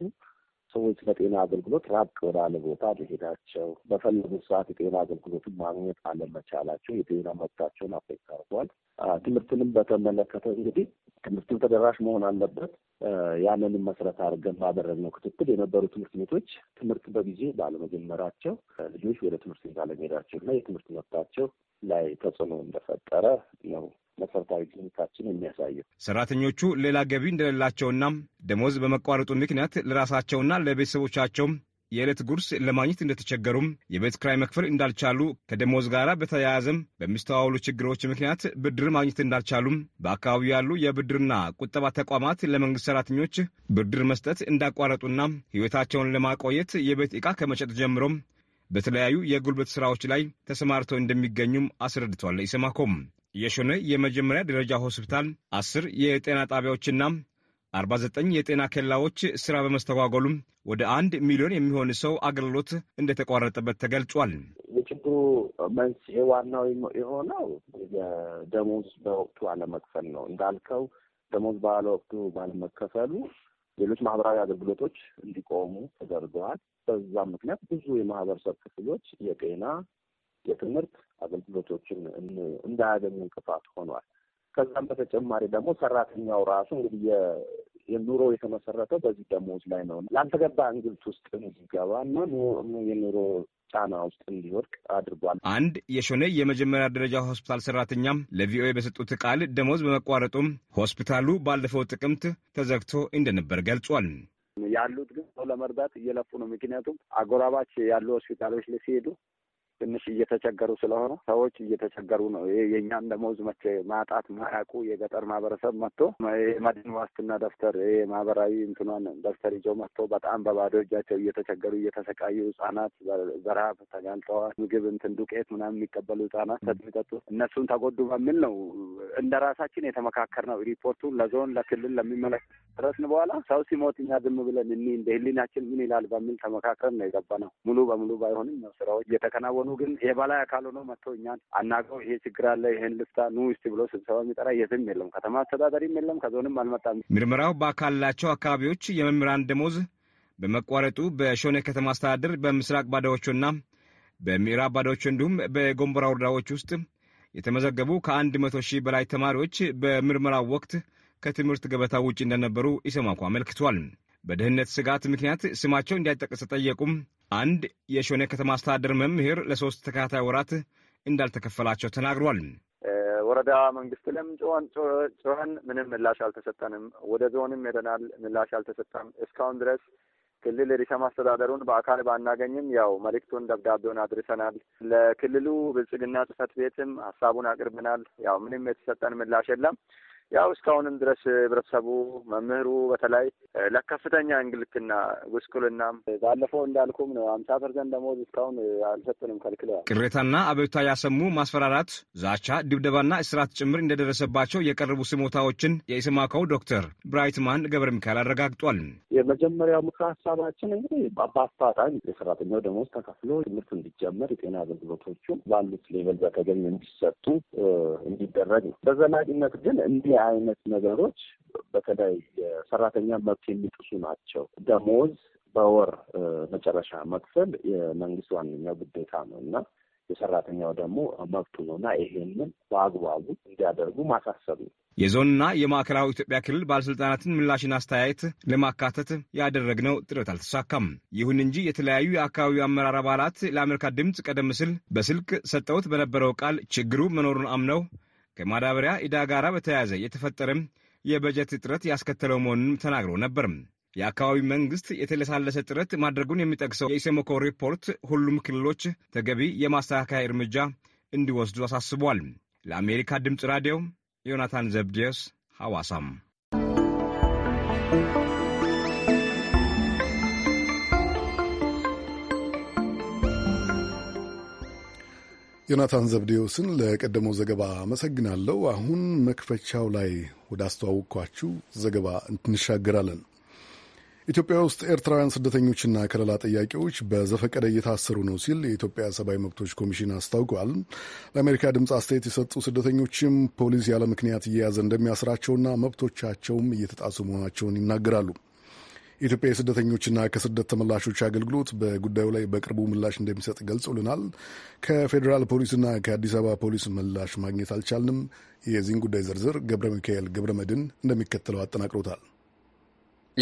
ሰዎች ለጤና አገልግሎት ራቅ ወዳለ ቦታ መሄዳቸው፣ በፈለጉት ሰዓት የጤና አገልግሎቱን ማግኘት አለመቻላቸው የጤና መብታቸውን አፌክት አድርጓል። ትምህርትንም በተመለከተ እንግዲህ ትምህርትም ተደራሽ መሆን አለበት። ያንንም መሰረት አድርገን ባደረግነው ክትትል የነበሩ ትምህርት ቤቶች ትምህርት በጊዜ ባለመጀመራቸው ልጆች ወደ ትምህርት ቤት አለመሄዳቸው እና የትምህርት መብታቸው ላይ ተጽዕኖ እንደፈጠረ ነው መሰረታዊ ግኝታችን የሚያሳየው። ሰራተኞቹ ሌላ ገቢ እንደሌላቸውና ደሞዝ በመቋረጡ ምክንያት ለራሳቸውና ለቤተሰቦቻቸው የዕለት ጉርስ ለማግኘት እንደተቸገሩም የቤት ክራይ መክፈል እንዳልቻሉ ከደሞዝ ጋር በተያያዘም በሚስተዋወሉ ችግሮች ምክንያት ብድር ማግኘት እንዳልቻሉም በአካባቢው ያሉ የብድርና ቁጠባ ተቋማት ለመንግስት ሰራተኞች ብድር መስጠት እንዳቋረጡና ሕይወታቸውን ለማቆየት የቤት ዕቃ ከመሸጥ ጀምሮም በተለያዩ የጉልበት ሥራዎች ላይ ተሰማርተው እንደሚገኙም አስረድቷል። ኢሰማኮም የሾነ የመጀመሪያ ደረጃ ሆስፒታል አስር የጤና ጣቢያዎችና 49 የጤና ኬላዎች ስራ በመስተጓጎሉም ወደ አንድ ሚሊዮን የሚሆን ሰው አገልግሎት እንደተቋረጠበት ተገልጿል። የችግሩ መንስኤ ዋናው የሆነው የደሞዝ በወቅቱ አለመክፈል ነው። እንዳልከው ደሞዝ ባለወቅቱ ባለመከፈሉ ሌሎች ማህበራዊ አገልግሎቶች እንዲቆሙ ተደርገዋል። በዛም ምክንያት ብዙ የማህበረሰብ ክፍሎች የጤና፣ የትምህርት አገልግሎቶችን እንዳያገኙ እንቅፋት ሆኗል። ከዛም በተጨማሪ ደግሞ ሰራተኛው ራሱ እንግዲህ የኑሮ የተመሰረተው በዚህ ደሞዝ ላይ ነው። ላልተገባ እንግልት ውስጥ እንዲገባ እና የኑሮ ጫና ውስጥ እንዲወድቅ አድርጓል። አንድ የሾኔ የመጀመሪያ ደረጃ ሆስፒታል ሰራተኛም ለቪኦኤ በሰጡት ቃል ደሞዝ በመቋረጡም ሆስፒታሉ ባለፈው ጥቅምት ተዘግቶ እንደነበር ገልጿል። ያሉት ግን ሰው ለመርዳት እየለፉ ነው። ምክንያቱም አጎራባች ያሉ ሆስፒታሎች ላይ ሲሄዱ ትንሽ እየተቸገሩ ስለሆነ ሰዎች እየተቸገሩ ነው። የእኛን ደሞዝ መቼ ማጣት ማያውቁ የገጠር ማህበረሰብ መጥቶ የመድን ዋስትና ደብተር ማህበራዊ እንትኗን ደብተር ይዞ መጥቶ በጣም በባዶ እጃቸው እየተቸገሩ እየተሰቃዩ ህጻናት በረሀብ ተጋልጠዋል። ምግብ እንትን ዱቄት ምናምን የሚቀበሉ ህጻናት ተሚጠጡ እነሱን ተጎዱ በሚል ነው እንደ ራሳችን የተመካከር ነው። ሪፖርቱ ለዞን ለክልል ለሚመለከት ደረስን በኋላ ሰው ሲሞት እኛ ዝም ብለን እኒ እንደ ህሊናችን ምን ይላል በሚል ተመካከር ነው የገባ ነው። ሙሉ በሙሉ ባይሆንም ነው ስራዎች እየተከናወ ዞኑ ግን የበላይ አካል ሆኖ መጥቶ እኛን አናገው ይሄ ችግር አለ ይህን ልፍታ ኑ እስቲ ብሎ ስብሰባ የሚጠራ የትም የለም። ከተማ አስተዳደሪም የለም። ከዞንም አልመጣም። ምርመራው ባካላቸው አካባቢዎች የመምህራን ደሞዝ በመቋረጡ በሾኔ ከተማ አስተዳደር በምስራቅ ባዳዎቹና በምዕራብ ባዳዎቹ እንዲሁም በጎንቦራ ወረዳዎች ውስጥ የተመዘገቡ ከአንድ መቶ ሺህ በላይ ተማሪዎች በምርመራው ወቅት ከትምህርት ገበታ ውጭ እንደነበሩ ኢሰማኮ አመልክቷል። በደህንነት ስጋት ምክንያት ስማቸው እንዳይጠቀስ ጠየቁም። አንድ የሾኔ ከተማ አስተዳደር መምህር ለሶስት ተከታታይ ወራት እንዳልተከፈላቸው ተናግሯል። ወረዳ መንግስት ለም ጮኸን ምንም ምላሽ አልተሰጠንም። ወደ ዞንም ሄደናል፣ ምላሽ አልተሰጠም። እስካሁን ድረስ ክልል ርዕሰ አስተዳደሩን በአካል ባናገኝም ያው መልእክቱን ደብዳቤውን አድርሰናል። ለክልሉ ብልጽግና ጽህፈት ቤትም ሀሳቡን አቅርበናል። ያው ምንም የተሰጠን ምላሽ የለም። ያው እስካሁንም ድረስ ህብረተሰቡ፣ መምህሩ በተለይ ለከፍተኛ እንግልትና ጉስቁልናም ባለፈው እንዳልኩም ነው አምሳ ፐርሰንት ደሞዝ እስካሁን አልሰጥንም ከልክለዋል። ቅሬታና አቤቱታ ያሰሙ ማስፈራራት፣ ዛቻ፣ ድብደባና እስራት ጭምር እንደደረሰባቸው የቀረቡ ስሞታዎችን የኢሰማኮው ዶክተር ብራይትማን ገብረ ሚካኤል አረጋግጧል። የመጀመሪያው ምክረ ሀሳባችን እንግዲህ በአፋጣኝ የሰራተኛው ደሞዝ ተከፍሎ ትምህርት እንዲጀመር የጤና አገልግሎቶቹ ባሉት ሌቨል በተገኝ እንዲሰጡ እንዲደረግ ነው። በዘላቂነት ግን እንዲ አይነት ነገሮች በተለይ የሰራተኛ መብት የሚጥሱ ናቸው። ደሞዝ በወር መጨረሻ መክፈል የመንግስት ዋነኛው ግዴታ ነው እና የሰራተኛው ደግሞ መብቱ ነው እና ይሄንን በአግባቡ እንዲያደርጉ ማሳሰብ ነው። የዞንና የማዕከላዊ ኢትዮጵያ ክልል ባለስልጣናትን ምላሽን አስተያየት ለማካተት ያደረግነው ጥረት አልተሳካም። ይሁን እንጂ የተለያዩ የአካባቢው አመራር አባላት ለአሜሪካ ድምፅ ቀደም ሲል በስልክ ሰጠውት በነበረው ቃል ችግሩ መኖሩን አምነው ከማዳበሪያ ዕዳ ጋር በተያያዘ የተፈጠረም የበጀት እጥረት ያስከተለው መሆኑንም ተናግሮ ነበር። የአካባቢ መንግስት የተለሳለሰ ጥረት ማድረጉን የሚጠቅሰው የኢሰመኮ ሪፖርት ሁሉም ክልሎች ተገቢ የማስተካከያ እርምጃ እንዲወስዱ አሳስቧል። ለአሜሪካ ድምፅ ራዲዮ ዮናታን ዘብዴዎስ ሐዋሳም ዮናታን ዘብዴዎስን ለቀደመው ዘገባ አመሰግናለሁ። አሁን መክፈቻው ላይ ወደ ዘገባ እንሻገራለን። ኢትዮጵያ ውስጥ ኤርትራውያን ስደተኞችና ከለላ ጥያቄዎች በዘፈቀደ እየታሰሩ ነው ሲል የኢትዮጵያ ሰብአዊ መብቶች ኮሚሽን አስታውቋል። ለአሜሪካ ድምፅ አስተያየት የሰጡ ስደተኞችም ፖሊስ ያለ ምክንያት እየያዘ እንደሚያስራቸውና መብቶቻቸውም እየተጣሱ መሆናቸውን ይናገራሉ። የኢትዮጵያ የስደተኞችና ከስደት ተመላሾች አገልግሎት በጉዳዩ ላይ በቅርቡ ምላሽ እንደሚሰጥ ገልጾልናል። ከፌዴራል ፖሊስና ከአዲስ አበባ ፖሊስ ምላሽ ማግኘት አልቻልንም። የዚህን ጉዳይ ዝርዝር ገብረ ሚካኤል ገብረ መድን እንደሚከተለው አጠናቅሮታል።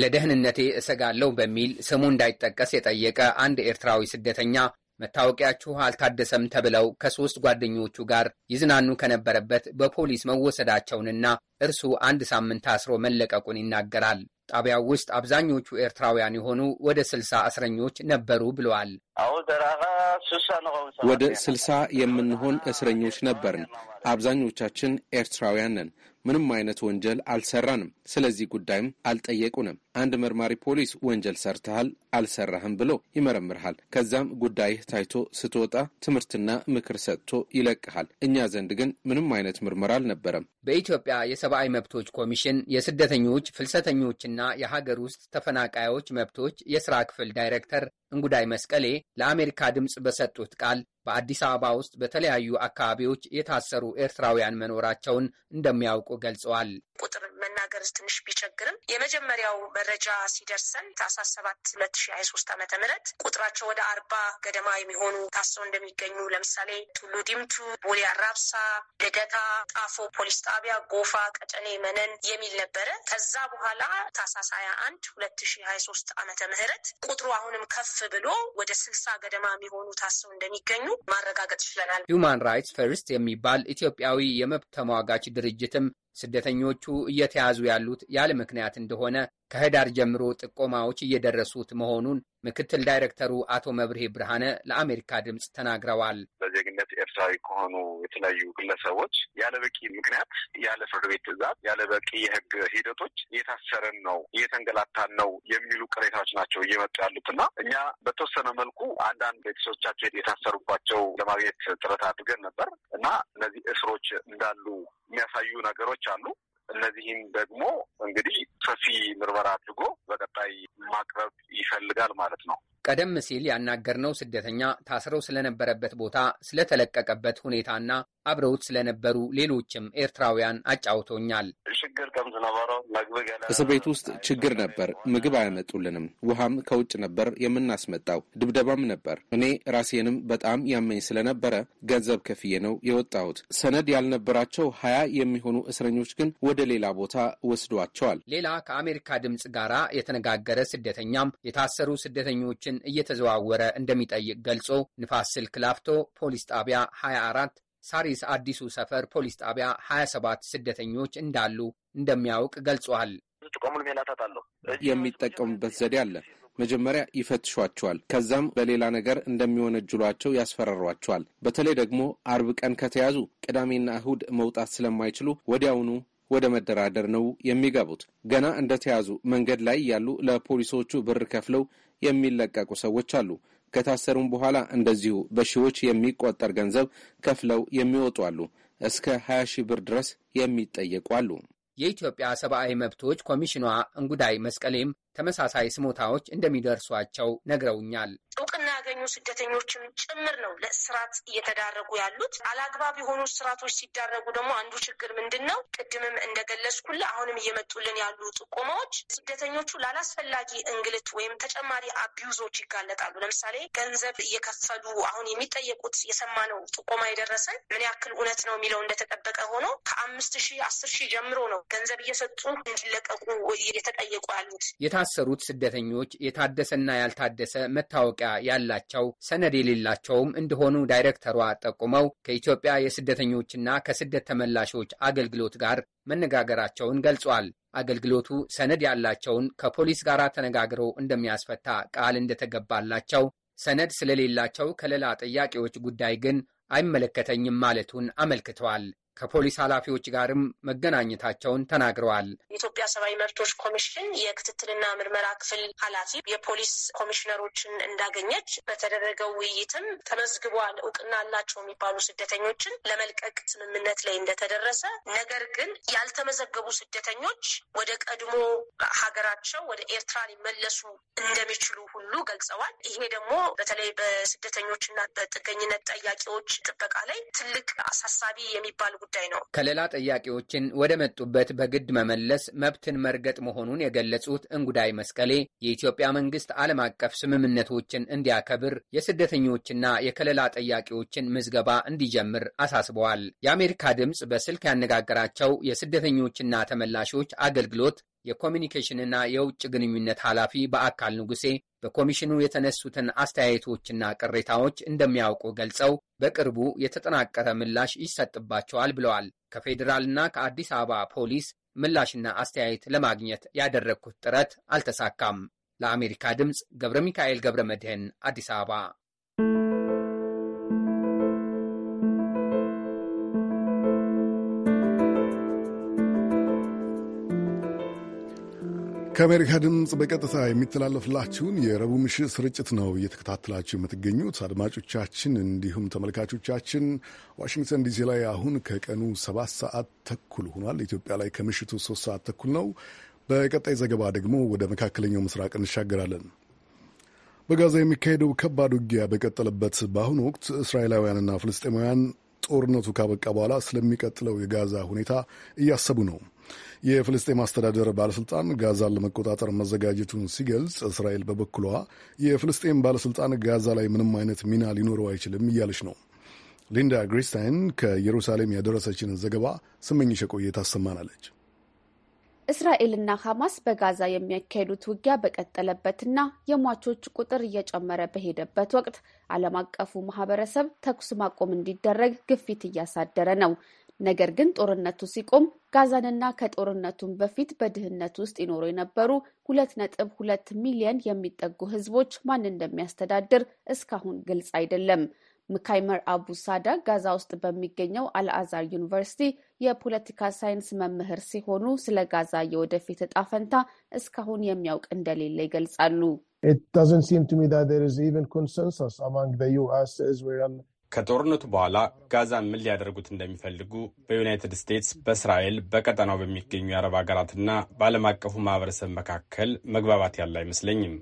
ለደህንነቴ እሰጋለሁ በሚል ስሙ እንዳይጠቀስ የጠየቀ አንድ ኤርትራዊ ስደተኛ መታወቂያችሁ አልታደሰም ተብለው ከሶስት ጓደኞቹ ጋር ይዝናኑ ከነበረበት በፖሊስ መወሰዳቸውንና እርሱ አንድ ሳምንት አስሮ መለቀቁን ይናገራል። ጣቢያው ውስጥ አብዛኞቹ ኤርትራውያን የሆኑ ወደ ስልሳ እስረኞች ነበሩ ብለዋል። ወደ ስልሳ የምንሆን እስረኞች ነበርን። አብዛኞቻችን ኤርትራውያን ነን። ምንም አይነት ወንጀል አልሰራንም። ስለዚህ ጉዳይም አልጠየቁንም። አንድ መርማሪ ፖሊስ ወንጀል ሰርተሃል አልሰራህም ብሎ ይመረምርሃል። ከዛም ጉዳይህ ታይቶ ስትወጣ ትምህርትና ምክር ሰጥቶ ይለቅሃል። እኛ ዘንድ ግን ምንም አይነት ምርመራ አልነበረም። በኢትዮጵያ የሰብአዊ መብቶች ኮሚሽን የስደተኞች ፍልሰተኞችና የሀገር ውስጥ ተፈናቃዮች መብቶች የስራ ክፍል ዳይሬክተር እንጉዳይ መስቀሌ ለአሜሪካ ድምፅ በሰጡት ቃል በአዲስ አበባ ውስጥ በተለያዩ አካባቢዎች የታሰሩ ኤርትራውያን መኖራቸውን እንደሚያውቁ ገልጸዋል። ቁጥር መናገር ትንሽ ቢቸግርም የመጀመሪያው መረጃ ሲደርሰን ታህሳስ ሰባት ሁለት ሺ ሀያ ሶስት አመተ ምህረት ቁጥራቸው ወደ አርባ ገደማ የሚሆኑ ታስረው እንደሚገኙ ለምሳሌ ቱሉ ዲምቱ፣ ቦሌ አራብሳ፣ ልደታ፣ ጣፎ ፖሊስ ጣቢያ፣ ጎፋ፣ ቀጨኔ፣ መነን የሚል ነበረ። ከዛ በኋላ ታህሳስ ሀያ አንድ ሁለት ሺ ሀያ ሶስት አመተ ምህረት ቁጥሩ አሁንም ከፍ ብሎ ወደ ስልሳ ገደማ የሚሆኑ ታስረው እንደሚገኙ ማረጋገጥ ችለናል። ሁማን ራይትስ ፈርስት የሚባል ኢትዮጵያዊ የመብት ተሟጋች ድርጅትም ስደተኞቹ እየተያዙ ያሉት ያለ ምክንያት እንደሆነ ከህዳር ጀምሮ ጥቆማዎች እየደረሱት መሆኑን ምክትል ዳይሬክተሩ አቶ መብርሄ ብርሃነ ለአሜሪካ ድምፅ ተናግረዋል። በዜግነት ኤርትራዊ ከሆኑ የተለያዩ ግለሰቦች ያለ በቂ ምክንያት፣ ያለ ፍርድ ቤት ትዕዛዝ፣ ያለ በቂ የህግ ሂደቶች እየታሰረን ነው፣ እየተንገላታን ነው የሚሉ ቅሬታዎች ናቸው እየመጡ ያሉትና እኛ በተወሰነ መልኩ አንዳንድ ቤተሰቦቻቸው የታሰሩባቸው ለማግኘት ጥረት አድርገን ነበር እና እነዚህ እስሮች እንዳሉ የሚያሳዩ ነገሮች አሉ። እነዚህም ደግሞ እንግዲህ ሰፊ ምርመራ አድርጎ በቀጣይ ማቅረብ ይፈልጋል ማለት ነው። ቀደም ሲል ያናገርነው ስደተኛ ታስረው ስለነበረበት ቦታ ስለተለቀቀበት ሁኔታና አብረውት ስለነበሩ ሌሎችም ኤርትራውያን አጫውቶኛል። እስር ቤት ውስጥ ችግር ነበር። ምግብ አያመጡልንም። ውሃም ከውጭ ነበር የምናስመጣው። ድብደባም ነበር። እኔ ራሴንም በጣም ያመኝ ስለነበረ ገንዘብ ከፍዬ ነው የወጣሁት። ሰነድ ያልነበራቸው ሀያ የሚሆኑ እስረኞች ግን ወደ ሌላ ቦታ ወስዷቸዋል። ሌላ ከአሜሪካ ድምፅ ጋራ የተነጋገረ ስደተኛም የታሰሩ ስደተኞችን ሰዎችን እየተዘዋወረ እንደሚጠይቅ ገልጾ ንፋስ ስልክ ላፍቶ ፖሊስ ጣቢያ 24 ሳሪስ አዲሱ ሰፈር ፖሊስ ጣቢያ 27 ስደተኞች እንዳሉ እንደሚያውቅ ገልጿል። የሚጠቀሙበት ዘዴ አለ። መጀመሪያ ይፈትሿቸዋል። ከዛም በሌላ ነገር እንደሚወነጅሏቸው ያስፈራሯቸዋል። በተለይ ደግሞ አርብ ቀን ከተያዙ ቅዳሜና እሁድ መውጣት ስለማይችሉ ወዲያውኑ ወደ መደራደር ነው የሚገቡት። ገና እንደተያዙ መንገድ ላይ ያሉ ለፖሊሶቹ ብር ከፍለው የሚለቀቁ ሰዎች አሉ። ከታሰሩም በኋላ እንደዚሁ በሺዎች የሚቆጠር ገንዘብ ከፍለው የሚወጡ አሉ። እስከ 20 ሺህ ብር ድረስ የሚጠየቁ አሉ። የኢትዮጵያ ሰብአዊ መብቶች ኮሚሽኗ እንጉዳይ መስቀሌም ተመሳሳይ ስሞታዎች እንደሚደርሷቸው ነግረውኛል። የሚያገኙ ስደተኞችም ጭምር ነው ለእስራት እየተዳረጉ ያሉት። አላግባብ የሆኑ እስራቶች ሲዳረጉ ደግሞ አንዱ ችግር ምንድን ነው? ቅድምም እንደገለጽኩላ አሁንም እየመጡልን ያሉ ጥቆማዎች ስደተኞቹ ላላስፈላጊ እንግልት ወይም ተጨማሪ አቢዩዞች ይጋለጣሉ። ለምሳሌ ገንዘብ እየከፈሉ አሁን የሚጠየቁት የሰማነው ጥቆማ የደረሰን ምን ያክል እውነት ነው የሚለው እንደተጠበቀ ሆኖ ከአምስት ሺህ አስር ሺህ ጀምሮ ነው ገንዘብ እየሰጡ እንዲለቀቁ እየተጠየቁ ያሉት። የታሰሩት ስደተኞች የታደሰና ያልታደሰ መታወቂያ ያለ የሌላቸው ሰነድ የሌላቸውም እንደሆኑ ዳይሬክተሯ ጠቁመው ከኢትዮጵያ የስደተኞችና ከስደት ተመላሾች አገልግሎት ጋር መነጋገራቸውን ገልጿል። አገልግሎቱ ሰነድ ያላቸውን ከፖሊስ ጋር ተነጋግሮ እንደሚያስፈታ ቃል እንደተገባላቸው፣ ሰነድ ስለሌላቸው ከሌላ ጥያቄዎች ጉዳይ ግን አይመለከተኝም ማለቱን አመልክተዋል። ከፖሊስ ኃላፊዎች ጋርም መገናኘታቸውን ተናግረዋል። የኢትዮጵያ ሰብአዊ መብቶች ኮሚሽን የክትትልና ምርመራ ክፍል ኃላፊ የፖሊስ ኮሚሽነሮችን እንዳገኘች በተደረገው ውይይትም ተመዝግቧል፣ እውቅና አላቸው የሚባሉ ስደተኞችን ለመልቀቅ ስምምነት ላይ እንደተደረሰ፣ ነገር ግን ያልተመዘገቡ ስደተኞች ወደ ቀድሞ ሀገራቸው ወደ ኤርትራ ሊመለሱ እንደሚችሉ ሁሉ ገልጸዋል። ይሄ ደግሞ በተለይ በስደተኞችና በጥገኝነት ጠያቂዎች ጥበቃ ላይ ትልቅ አሳሳቢ የሚባል ጉዳይ ነው። ከሌላ ጥያቄዎችን ወደ መጡበት በግድ መመለስ መብትን መርገጥ መሆኑን የገለጹት እንጉዳይ መስቀሌ የኢትዮጵያ መንግስት ዓለም አቀፍ ስምምነቶችን እንዲያከብር የስደተኞችና የከለላ ጥያቄዎችን ምዝገባ እንዲጀምር አሳስበዋል። የአሜሪካ ድምፅ በስልክ ያነጋገራቸው የስደተኞችና ተመላሾች አገልግሎት የኮሚኒኬሽንና የውጭ ግንኙነት ኃላፊ በአካል ንጉሴ በኮሚሽኑ የተነሱትን አስተያየቶችና ቅሬታዎች እንደሚያውቁ ገልጸው በቅርቡ የተጠናቀረ ምላሽ ይሰጥባቸዋል ብለዋል። ከፌዴራልና ከአዲስ አበባ ፖሊስ ምላሽና አስተያየት ለማግኘት ያደረግኩት ጥረት አልተሳካም። ለአሜሪካ ድምፅ ገብረ ሚካኤል ገብረ መድህን አዲስ አበባ ከአሜሪካ ድምፅ በቀጥታ የሚተላለፍላችሁን የረቡዕ ምሽት ስርጭት ነው እየተከታተላችሁ የምትገኙት አድማጮቻችን፣ እንዲሁም ተመልካቾቻችን። ዋሽንግተን ዲሲ ላይ አሁን ከቀኑ ሰባት ሰዓት ተኩል ሆኗል። ኢትዮጵያ ላይ ከምሽቱ ሶስት ሰዓት ተኩል ነው። በቀጣይ ዘገባ ደግሞ ወደ መካከለኛው ምስራቅ እንሻገራለን። በጋዛ የሚካሄደው ከባድ ውጊያ በቀጠለበት በአሁኑ ወቅት እስራኤላውያንና ፍልስጤማውያን ጦርነቱ ካበቃ በኋላ ስለሚቀጥለው የጋዛ ሁኔታ እያሰቡ ነው። የፍልስጤም አስተዳደር ባለስልጣን ጋዛን ለመቆጣጠር መዘጋጀቱን ሲገልጽ፣ እስራኤል በበኩሏ የፍልስጤም ባለስልጣን ጋዛ ላይ ምንም አይነት ሚና ሊኖረው አይችልም እያለች ነው። ሊንዳ ግሪስታይን ከኢየሩሳሌም ያደረሰችን ዘገባ ስመኝሸ ቆየ ታሰማናለች። እስራኤልና ሐማስ በጋዛ የሚያካሄዱት ውጊያ በቀጠለበትና የሟቾች ቁጥር እየጨመረ በሄደበት ወቅት ዓለም አቀፉ ማህበረሰብ ተኩስ ማቆም እንዲደረግ ግፊት እያሳደረ ነው። ነገር ግን ጦርነቱ ሲቆም ጋዛንና ከጦርነቱም በፊት በድህነት ውስጥ ይኖሩ የነበሩ ሁለት ነጥብ ሁለት ሚሊየን የሚጠጉ ህዝቦች ማን እንደሚያስተዳድር እስካሁን ግልጽ አይደለም። ምካይመር አቡ ሳዳ ጋዛ ውስጥ በሚገኘው አልአዛር ዩኒቨርሲቲ የፖለቲካ ሳይንስ መምህር ሲሆኑ ስለ ጋዛ የወደፊት እጣ ፈንታ እስካሁን የሚያውቅ እንደሌለ ይገልጻሉ። ከጦርነቱ በኋላ ጋዛን ምን ሊያደርጉት እንደሚፈልጉ በዩናይትድ ስቴትስ፣ በእስራኤል፣ በቀጠናው በሚገኙ የአረብ ሀገራትና በዓለም አቀፉ ማህበረሰብ መካከል መግባባት ያለ አይመስለኝም።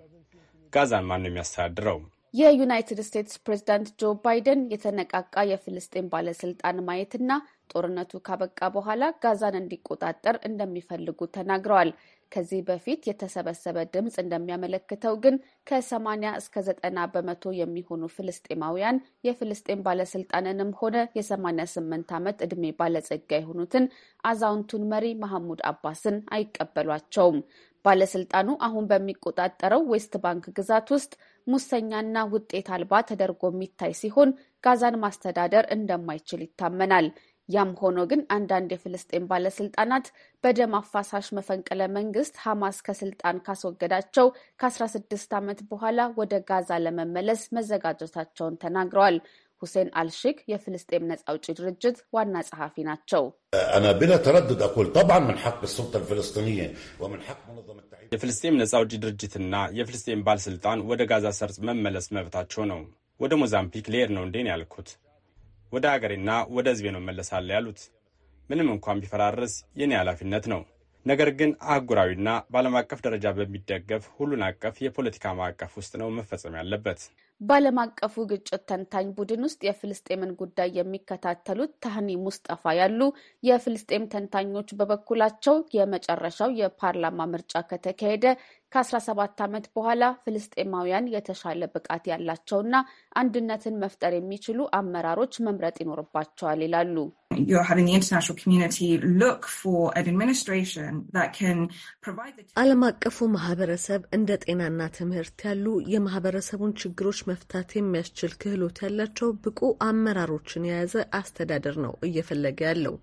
ጋዛን ማን ነው የሚያስተዳድረው? የዩናይትድ ስቴትስ ፕሬዝዳንት ጆ ባይደን የተነቃቃ የፍልስጤን ባለስልጣን ማየትና ጦርነቱ ካበቃ በኋላ ጋዛን እንዲቆጣጠር እንደሚፈልጉ ተናግረዋል። ከዚህ በፊት የተሰበሰበ ድምፅ እንደሚያመለክተው ግን ከ80 እስከ 90 በመቶ የሚሆኑ ፍልስጤማውያን የፍልስጤም ባለስልጣንንም ሆነ የ88 ዓመት ዕድሜ ባለጸጋ የሆኑትን አዛውንቱን መሪ መሐሙድ አባስን አይቀበሏቸውም። ባለስልጣኑ አሁን በሚቆጣጠረው ዌስት ባንክ ግዛት ውስጥ ሙሰኛና ውጤት አልባ ተደርጎ የሚታይ ሲሆን ጋዛን ማስተዳደር እንደማይችል ይታመናል። ያም ሆኖ ግን አንዳንድ የፍልስጤን ባለስልጣናት በደም አፋሳሽ መፈንቅለ መንግስት ሐማስ ከስልጣን ካስወገዳቸው ከ16 ዓመት በኋላ ወደ ጋዛ ለመመለስ መዘጋጀታቸውን ተናግረዋል። ሁሴን አልሺክ የፍልስጤም ነጻ አውጪ ድርጅት ዋና ጸሐፊ ናቸው። የፍልስጤም ነጻ አውጪ ድርጅትና የፍልስጤም ባለስልጣን ወደ ጋዛ ሰርጽ መመለስ መብታቸው ነው። ወደ ሞዛምፒክ ልሄድ ነው እንዴን ያልኩት ወደ አገሬና ወደ ህዝቤ ነው መለሳለ ያሉት ምንም እንኳን ቢፈራረስ የኔ ኃላፊነት ነው። ነገር ግን አህጉራዊና በዓለም አቀፍ ደረጃ በሚደገፍ ሁሉን አቀፍ የፖለቲካ ማዕቀፍ ውስጥ ነው መፈጸም ያለበት። በዓለም አቀፉ ግጭት ተንታኝ ቡድን ውስጥ የፍልስጤምን ጉዳይ የሚከታተሉት ታህኒ ሙስጠፋ ያሉ የፍልስጤም ተንታኞች በበኩላቸው የመጨረሻው የፓርላማ ምርጫ ከተካሄደ ከ17 ዓመት በኋላ ፍልስጤማውያን የተሻለ ብቃት ያላቸውና አንድነትን መፍጠር የሚችሉ አመራሮች መምረጥ ይኖርባቸዋል ይላሉ። ዓለም አቀፉ ማህበረሰብ እንደ ጤናና ትምህርት ያሉ የማህበረሰቡን ችግሮች መፍታት የሚያስችል ክህሎት ያላቸው ብቁ አመራሮችን የያዘ አስተዳደር ነው እየፈለገ ያለው።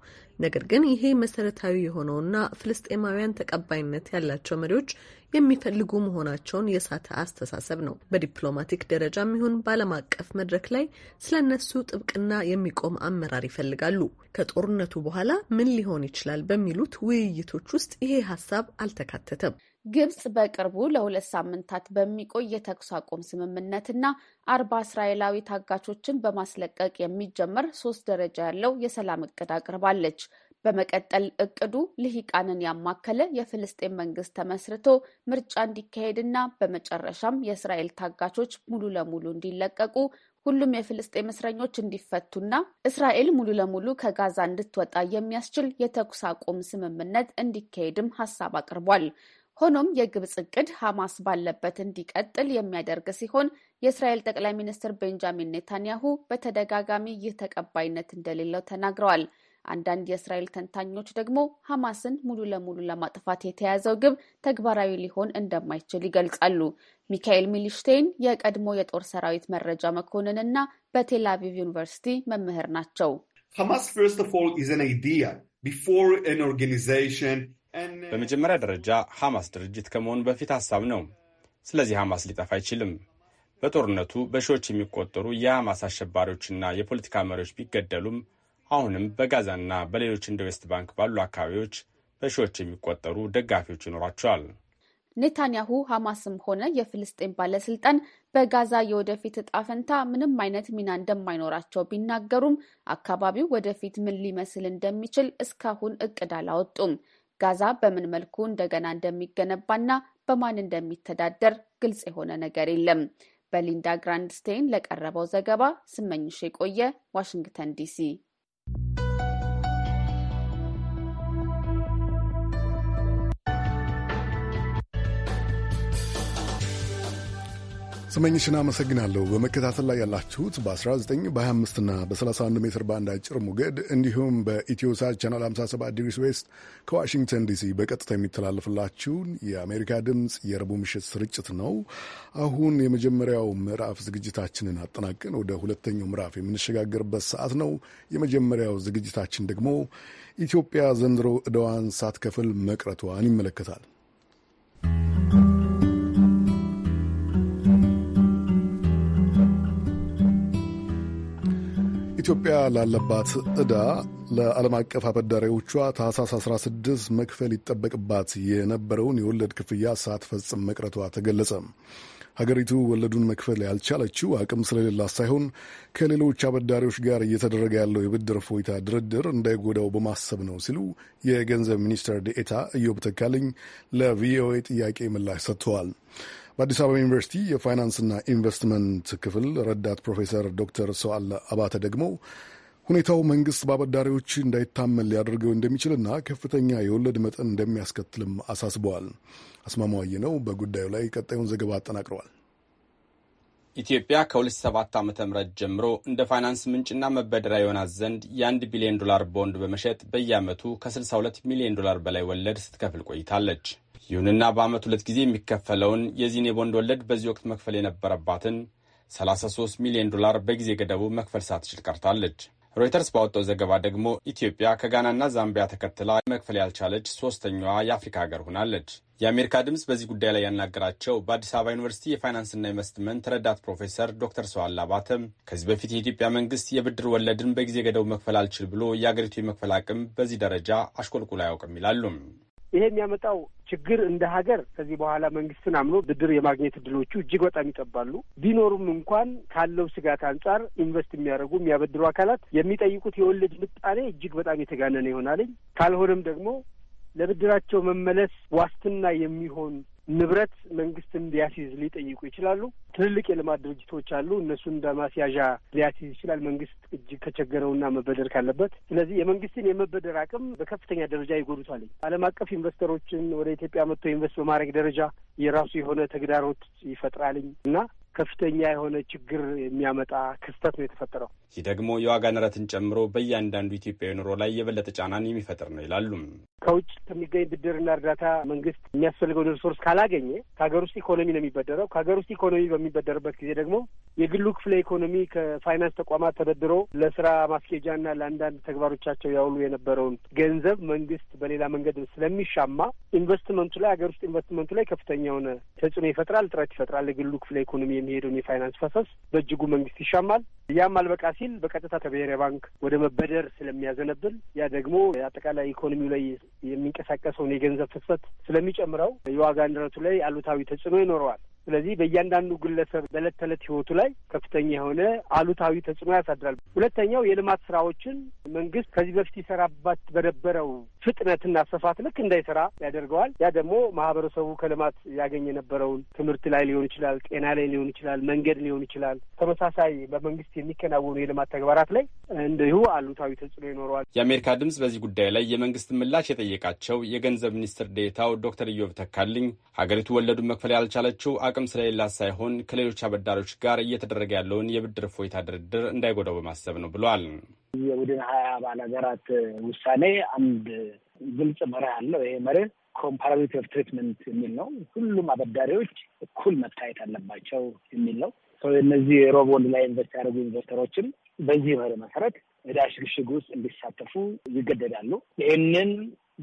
ነገር ግን ይሄ መሰረታዊ የሆነውና ፍልስጤማውያን ተቀባይነት ያላቸው መሪዎች የሚፈልጉ መሆናቸውን የሳተ አስተሳሰብ ነው። በዲፕሎማቲክ ደረጃም ይሁን በዓለም አቀፍ መድረክ ላይ ስለ እነሱ ጥብቅና የሚቆም አመራር ይፈልጋሉ። ከጦርነቱ በኋላ ምን ሊሆን ይችላል በሚሉት ውይይቶች ውስጥ ይሄ ሀሳብ አልተካተተም። ግብጽ በቅርቡ ለሁለት ሳምንታት በሚቆይ የተኩስ አቁም ስምምነትና አርባ እስራኤላዊ ታጋቾችን በማስለቀቅ የሚጀመር ሶስት ደረጃ ያለው የሰላም እቅድ አቅርባለች። በመቀጠል እቅዱ ልሂቃንን ያማከለ የፍልስጤን መንግስት ተመስርቶ ምርጫ እንዲካሄድና በመጨረሻም የእስራኤል ታጋቾች ሙሉ ለሙሉ እንዲለቀቁ ሁሉም የፍልስጤም እስረኞች እንዲፈቱና እስራኤል ሙሉ ለሙሉ ከጋዛ እንድትወጣ የሚያስችል የተኩስ አቁም ስምምነት እንዲካሄድም ሀሳብ አቅርቧል። ሆኖም የግብፅ እቅድ ሐማስ ባለበት እንዲቀጥል የሚያደርግ ሲሆን የእስራኤል ጠቅላይ ሚኒስትር ቤንጃሚን ኔታንያሁ በተደጋጋሚ ይህ ተቀባይነት እንደሌለው ተናግረዋል። አንዳንድ የእስራኤል ተንታኞች ደግሞ ሐማስን ሙሉ ለሙሉ ለማጥፋት የተያዘው ግብ ተግባራዊ ሊሆን እንደማይችል ይገልጻሉ። ሚካኤል ሚሊሽቴይን የቀድሞ የጦር ሰራዊት መረጃ መኮንንና በቴል አቪቭ ዩኒቨርሲቲ መምህር ናቸው። ሐማስ ፈርስት ኦፍ ኦል ኢዝ አን አይዲያ ቢፎር አን በመጀመሪያ ደረጃ ሐማስ ድርጅት ከመሆኑ በፊት ሐሳብ ነው። ስለዚህ ሐማስ ሊጠፋ አይችልም። በጦርነቱ በሺዎች የሚቆጠሩ የሐማስ አሸባሪዎችና የፖለቲካ መሪዎች ቢገደሉም አሁንም በጋዛና በሌሎች እንደ ዌስት ባንክ ባሉ አካባቢዎች በሺዎች የሚቆጠሩ ደጋፊዎች ይኖሯቸዋል። ኔታንያሁ ሐማስም ሆነ የፍልስጤን ባለስልጣን በጋዛ የወደፊት እጣ ፈንታ ምንም አይነት ሚና እንደማይኖራቸው ቢናገሩም አካባቢው ወደፊት ምን ሊመስል እንደሚችል እስካሁን እቅድ አላወጡም። ጋዛ በምን መልኩ እንደገና እንደሚገነባና በማን እንደሚተዳደር ግልጽ የሆነ ነገር የለም። በሊንዳ ግራንድስቴይን ለቀረበው ዘገባ ስመኝሽ የቆየ ዋሽንግተን ዲሲ Thank you. ስመኝሽን አመሰግናለሁ። በመከታተል ላይ ያላችሁት በ19 በ25 እና በ31 ሜትር ባንድ አጭር ሞገድ እንዲሁም በኢትዮሳት ቻናል 57 ዲግሪስ ዌስት ከዋሽንግተን ዲሲ በቀጥታ የሚተላለፍላችሁን የአሜሪካ ድምፅ የረቡዕ ምሽት ስርጭት ነው። አሁን የመጀመሪያው ምዕራፍ ዝግጅታችንን አጠናቀን ወደ ሁለተኛው ምዕራፍ የምንሸጋገርበት ሰዓት ነው። የመጀመሪያው ዝግጅታችን ደግሞ ኢትዮጵያ ዘንድሮ ዕዳዋን ሳትከፍል መቅረቷን ይመለከታል። ኢትዮጵያ ላለባት ዕዳ ለዓለም አቀፍ አበዳሪዎቿ ታህሳስ 16 መክፈል ይጠበቅባት የነበረውን የወለድ ክፍያ ሳትፈጽም መቅረቷ ተገለጸ። ሀገሪቱ ወለዱን መክፈል ያልቻለችው አቅም ስለሌላት ሳይሆን ከሌሎች አበዳሪዎች ጋር እየተደረገ ያለው የብድር ፎይታ ድርድር እንዳይጎዳው በማሰብ ነው ሲሉ የገንዘብ ሚኒስትር ዴኤታ እዮብ ተካልኝ ለቪኦኤ ጥያቄ ምላሽ ሰጥተዋል። በአዲስ አበባ ዩኒቨርሲቲ የፋይናንስና ኢንቨስትመንት ክፍል ረዳት ፕሮፌሰር ዶክተር ሰዋለ አባተ ደግሞ ሁኔታው መንግስት በአበዳሪዎች እንዳይታመን ሊያደርገው እንደሚችልና ከፍተኛ የወለድ መጠን እንደሚያስከትልም አሳስበዋል። አስማማዋይ ነው በጉዳዩ ላይ ቀጣዩን ዘገባ አጠናቅረዋል። ኢትዮጵያ ከ2007 ዓ ም ጀምሮ እንደ ፋይናንስ ምንጭና መበደሪያ የሆናት ዘንድ የ1 ቢሊዮን ዶላር ቦንድ በመሸጥ በየዓመቱ ከ62 ሚሊዮን ዶላር በላይ ወለድ ስትከፍል ቆይታለች። ይሁንና በዓመት ሁለት ጊዜ የሚከፈለውን የዚኔ ቦንድ ወለድ በዚህ ወቅት መክፈል የነበረባትን 33 ሚሊዮን ዶላር በጊዜ ገደቡ መክፈል ሳትችል ቀርታለች። ሮይተርስ ባወጣው ዘገባ ደግሞ ኢትዮጵያ ከጋናና ዛምቢያ ተከትላ መክፈል ያልቻለች ሶስተኛዋ የአፍሪካ ሀገር ሆናለች። የአሜሪካ ድምፅ በዚህ ጉዳይ ላይ ያናገራቸው በአዲስ አበባ ዩኒቨርሲቲ የፋይናንስና ኢንቨስትመንት ረዳት ፕሮፌሰር ዶክተር ሰዋላ ባተም ከዚህ በፊት የኢትዮጵያ መንግስት የብድር ወለድን በጊዜ ገደቡ መክፈል አልችል ብሎ የአገሪቱ የመክፈል አቅም በዚህ ደረጃ አሽቆልቁላ አያውቅም ይላሉ። ይሄ የሚያመጣው ችግር እንደ ሀገር ከዚህ በኋላ መንግስትን አምኖ ብድር የማግኘት እድሎቹ እጅግ በጣም ይጠባሉ። ቢኖሩም እንኳን ካለው ስጋት አንጻር ኢንቨስት የሚያደርጉ የሚያበድሩ አካላት የሚጠይቁት የወለድ ምጣኔ እጅግ በጣም የተጋነነ ይሆናልኝ። ካልሆነም ደግሞ ለብድራቸው መመለስ ዋስትና የሚሆን ንብረት መንግስት እንዲያስይዝ ሊጠይቁ ይችላሉ። ትልልቅ የልማት ድርጅቶች አሉ። እነሱን በማስያዣ ሊያስይዝ ይችላል መንግስት እጅግ ከቸገረውና መበደር ካለበት። ስለዚህ የመንግስትን የመበደር አቅም በከፍተኛ ደረጃ ይጎዱታል። ዓለም አቀፍ ኢንቨስተሮችን ወደ ኢትዮጵያ መጥቶ ኢንቨስት በማድረግ ደረጃ የራሱ የሆነ ተግዳሮት ይፈጥራልኝ እና ከፍተኛ የሆነ ችግር የሚያመጣ ክስተት ነው የተፈጠረው። ይህ ደግሞ የዋጋ ንረትን ጨምሮ በእያንዳንዱ ኢትዮጵያዊ ኑሮ ላይ የበለጠ ጫናን የሚፈጥር ነው ይላሉም። ከውጭ ከሚገኝ ብድርና እርዳታ መንግስት የሚያስፈልገውን ሪሶርስ ካላገኘ ከሀገር ውስጥ ኢኮኖሚ ነው የሚበደረው። ከሀገር ውስጥ ኢኮኖሚ በሚበደርበት ጊዜ ደግሞ የግሉ ክፍለ ኢኮኖሚ ከፋይናንስ ተቋማት ተበድሮ ለስራ ማስኬጃና ለአንዳንድ ተግባሮቻቸው ያውሉ የነበረውን ገንዘብ መንግስት በሌላ መንገድ ስለሚሻማ ኢንቨስትመንቱ ላይ ሀገር ውስጥ ኢንቨስትመንቱ ላይ ከፍተኛ የሆነ ተጽዕኖ ይፈጥራል፣ ጥረት ይፈጥራል። የግሉ ክፍለ ኢኮኖሚ የሚሄደውን የፋይናንስ ፈሰስ በእጅጉ መንግስት ይሻማል። ያም አልበቃ ሲል በቀጥታ ከብሔራዊ ባንክ ወደ መበደር ስለሚያዘነብል፣ ያ ደግሞ አጠቃላይ ኢኮኖሚው ላይ የሚንቀሳቀሰውን የገንዘብ ፍሰት ስለሚጨምረው የዋጋ ንረቱ ላይ አሉታዊ ተጽዕኖ ይኖረዋል። ስለዚህ በእያንዳንዱ ግለሰብ በዕለት ተዕለት ህይወቱ ላይ ከፍተኛ የሆነ አሉታዊ ተጽዕኖ ያሳድራል። ሁለተኛው የልማት ስራዎችን መንግስት ከዚህ በፊት ይሰራባት በነበረው ፍጥነትና ስፋት ልክ እንዳይሰራ ያደርገዋል። ያ ደግሞ ማህበረሰቡ ከልማት ያገኝ የነበረውን ትምህርት ላይ ሊሆን ይችላል፣ ጤና ላይ ሊሆን ይችላል፣ መንገድ ሊሆን ይችላል። ተመሳሳይ በመንግስት የሚከናወኑ የልማት ተግባራት ላይ እንዲሁ አሉታዊ ተጽዕኖ ይኖረዋል። የአሜሪካ ድምጽ በዚህ ጉዳይ ላይ የመንግስት ምላሽ የጠየቃቸው የገንዘብ ሚኒስትር ዴታው ዶክተር ኢዮብ ተካልኝ ሀገሪቱ ወለዱን መክፈል ያልቻለችው አቅም ስለሌላት ሳይሆን ከሌሎች አበዳሪዎች ጋር እየተደረገ ያለውን የብድር እፎይታ ድርድር እንዳይጎዳው በማሰብ ነው ብሏል። የቡድን ሀያ አባል ሀገራት ውሳኔ አንድ ግልጽ መርህ አለው። ይሄ መርህ ኮምፓራቲቭ ትሪትመንት የሚል ነው። ሁሉም አበዳሪዎች እኩል መታየት አለባቸው የሚል ነው። እነዚህ ሮቦንድ ላይ ኢንቨስት ያደረጉ ኢንቨስተሮችም በዚህ መርህ መሰረት ዕዳ ሽግሽግ ውስጥ እንዲሳተፉ ይገደዳሉ። ይህንን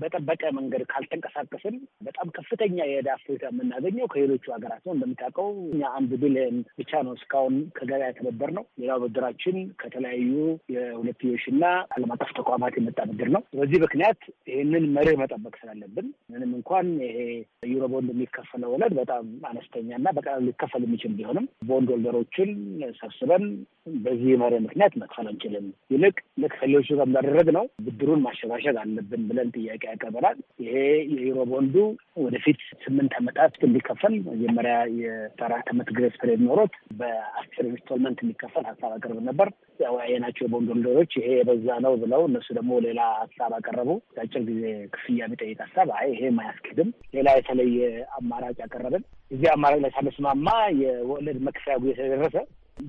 በጠበቀ መንገድ ካልተንቀሳቀስን በጣም ከፍተኛ የዕዳ እፎይታ የምናገኘው ከሌሎቹ ሀገራት ነው። እንደምታውቀው እኛ አንድ ቢሊየን ብቻ ነው እስካሁን ከገበያ የተበደር ነው። ሌላው ብድራችን ከተለያዩ የሁለትዮሽና ዓለም አቀፍ ተቋማት የመጣ ብድር ነው። በዚህ ምክንያት ይህንን መርህ መጠበቅ ስላለብን ምንም እንኳን ይሄ ዩሮ ቦንድ የሚከፈለው ወለድ በጣም አነስተኛና በቀላሉ ሊከፈል የሚችል ቢሆንም ቦንድ ወልደሮችን ሰብስበን በዚህ መርህ ምክንያት መክፈል አንችልም። ይልቅ ልክ ከሌሎቹ ጋር እንዳደረግ ነው ብድሩን ማሸጋሸግ አለብን ብለን ጥያቄ ማስጠንቀቂያ ያቀበላል። ይሄ የዩሮ ቦንዱ ወደፊት ስምንት ዓመታት እንዲከፈል መጀመሪያ የአራት ዓመት ግሬስ ፔሪየድ ኖሮት በአስር ኢንስቶልመንት እንዲከፈል ሀሳብ አቅርብ ነበር። ያወያየናቸው የቦንድ ሆልደሮች ይሄ የበዛ ነው ብለው እነሱ ደግሞ ሌላ ሀሳብ አቀረቡ። የአጭር ጊዜ ክፍያ ቢጠይቅ ሀሳብ አይ ይሄ አያስኬድም፣ ሌላ የተለየ አማራጭ ያቀረብን እዚህ አማራጭ ላይ ሳንስማማ የወለድ መክፈያ ጉዞ የተደረሰ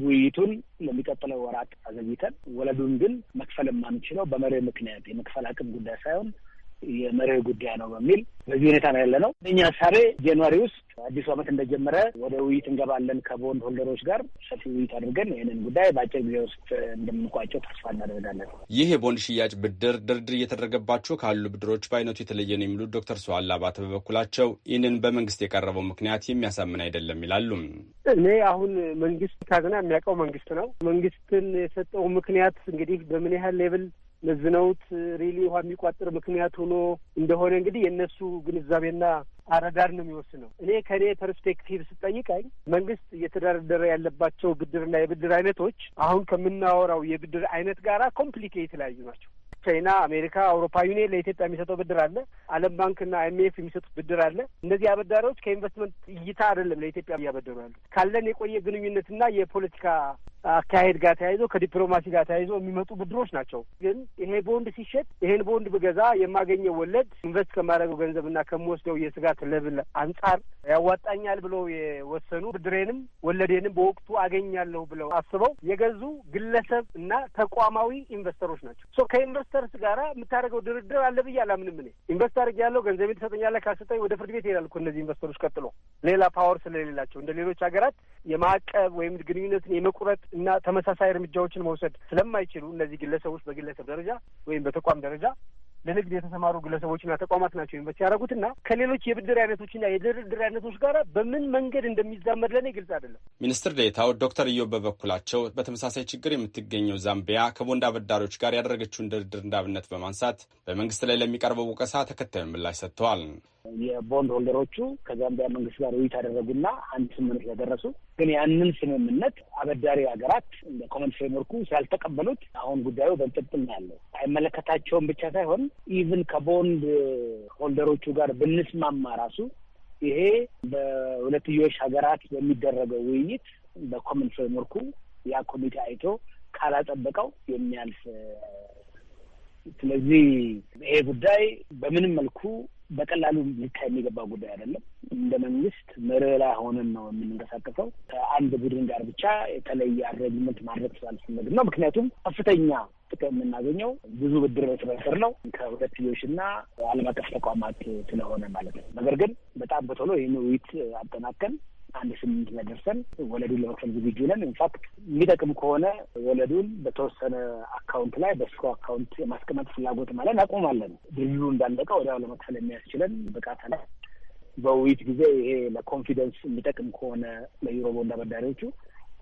ውይይቱን ለሚቀጥለው ወራት አዘግይተን ወለዱን ግን መክፈል የማንችለው በመሪ ምክንያት የመክፈል አቅም ጉዳይ ሳይሆን የመርህ ጉዳይ ነው በሚል በዚህ ሁኔታ ነው ያለ ነው። እኛ ሳቤ ጃንዋሪ ውስጥ አዲሱ ዓመት እንደጀመረ ወደ ውይይት እንገባለን ከቦንድ ሆልደሮች ጋር ሰፊ ውይይት አድርገን ይህንን ጉዳይ በአጭር ጊዜ ውስጥ እንደምንቋጨው ተስፋ እናደርጋለን። ይህ የቦንድ ሽያጭ ብድር ድርድር እየተደረገባቸው ካሉ ብድሮች በአይነቱ የተለየ ነው የሚሉት ዶክተር ሰዋል አባተ በበኩላቸው ይህንን በመንግስት የቀረበው ምክንያት የሚያሳምን አይደለም ይላሉ። እኔ አሁን መንግስት ካዝና የሚያውቀው መንግስት ነው። መንግስትን የሰጠው ምክንያት እንግዲህ በምን ያህል ሌብል መዝነውት ሪሊ ውሃ የሚቋጥር ምክንያት ሆኖ እንደሆነ እንግዲህ የእነሱ ግንዛቤና አረዳድ ነው የሚወስነው። እኔ ከእኔ ፐርስፔክቲቭ ስጠይቀኝ መንግስት እየተደረደረ ያለባቸው ብድርና የብድር አይነቶች አሁን ከምናወራው የብድር አይነት ጋራ ኮምፕሊኬ የተለያዩ ናቸው። ቻይና፣ አሜሪካ፣ አውሮፓ ዩኒየን ለኢትዮጵያ የሚሰጠው ብድር አለ። ዓለም ባንክና ኤምኤፍ የሚሰጡት ብድር አለ። እነዚህ አበዳሪዎች ከኢንቨስትመንት እይታ አይደለም ለኢትዮጵያ እያበደሩ ያሉት ካለን የቆየ ግንኙነትና የፖለቲካ አካሄድ ጋር ተያይዞ ከዲፕሎማሲ ጋር ተያይዞ የሚመጡ ብድሮች ናቸው። ግን ይሄ ቦንድ ሲሸጥ ይሄን ቦንድ ብገዛ የማገኘው ወለድ ኢንቨስት ከማደርገው ገንዘብና ከምወስደው የስጋት ለብል አንጻር ያዋጣኛል ብለው የወሰኑ ብድሬንም ወለዴንም በወቅቱ አገኛለሁ ብለው አስበው የገዙ ግለሰብ እና ተቋማዊ ኢንቨስተሮች ናቸው። ሶ ከኢንቨስተርስ ጋር የምታደርገው ድርድር አለ ብዬ አላምንም። እኔ ኢንቨስት ያለው ገንዘቤን ትሰጠኛለህ፣ ካልሰጠኝ ወደ ፍርድ ቤት ይሄዳል እኮ እነዚህ ኢንቨስተሮች። ቀጥሎ ሌላ ፓወር ስለሌላቸው እንደ ሌሎች ሀገራት የማዕቀብ ወይም ግንኙነትን የመቁረጥ እና ተመሳሳይ እርምጃዎችን መውሰድ ስለማይችሉ እነዚህ ግለሰቦች በግለሰብ ደረጃ ወይም በተቋም ደረጃ ለንግድ የተሰማሩ ግለሰቦችና ተቋማት ናቸው ኢንቨስት ያደረጉትና ከሌሎች የብድር አይነቶችና የድርድር አይነቶች ጋር በምን መንገድ እንደሚዛመድ ለኔ ግልጽ አይደለም። ሚኒስትር ዴታው ዶክተር ኢዮብ በበኩላቸው በተመሳሳይ ችግር የምትገኘው ዛምቢያ ከቦንድ አበዳሪዎች ጋር ያደረገችውን ድርድር እንዳብነት በማንሳት በመንግስት ላይ ለሚቀርበው ወቀሳ ተከታዩን ምላሽ ሰጥተዋል። የቦንድ ሆልደሮቹ ከዛምቢያ መንግስት ጋር ውይይት አደረጉና አንድ ስምምነት ላይ ደረሱ። ግን ያንን ስምምነት አበዳሪ ሀገራት እንደ ኮመን ፍሬምወርኩ ስላልተቀበሉት አሁን ጉዳዩ በንጥብጥል ያለው አይመለከታቸውም ብቻ ሳይሆን ኢቭን ከቦንድ ሆልደሮቹ ጋር ብንስማማ ራሱ ይሄ በሁለትዮሽ ሀገራት በሚደረገው ውይይት በኮመን ፍሬምወርኩ ያ ኮሚቴ አይቶ ካላጠበቀው የሚያልፍ ስለዚህ ይሄ ጉዳይ በምንም መልኩ በቀላሉ ሊታይ የሚገባ ጉዳይ አይደለም። እንደ መንግስት መርህ ላይ ሆነን ነው የምንንቀሳቀሰው። ከአንድ ቡድን ጋር ብቻ የተለየ አረግመንት ማድረግ ስላልፈለግን ነው። ምክንያቱም ከፍተኛ ጥቅም የምናገኘው ብዙ ብድር ስበስር ነው ከሁለትዮሽና ዓለም አቀፍ ተቋማት ስለሆነ ማለት ነው። ነገር ግን በጣም በቶሎ ይህን ውይይት አጠናከን አንድ ስምንት ላይ ደርሰን ወለዱን ለመክፈል ዝግጁ ነን። ኢንፋክት የሚጠቅም ከሆነ ወለዱን በተወሰነ አካውንት ላይ በስኮ አካውንት የማስቀመጥ ፍላጎት ማለት እናቆማለን። ድሉ እንዳለቀ ወዲያው ለመክፈል የሚያስችለን ብቃት ላይ በውይይት ጊዜ ይሄ ለኮንፊደንስ የሚጠቅም ከሆነ ለዩሮቦንድ አበዳሪዎቹ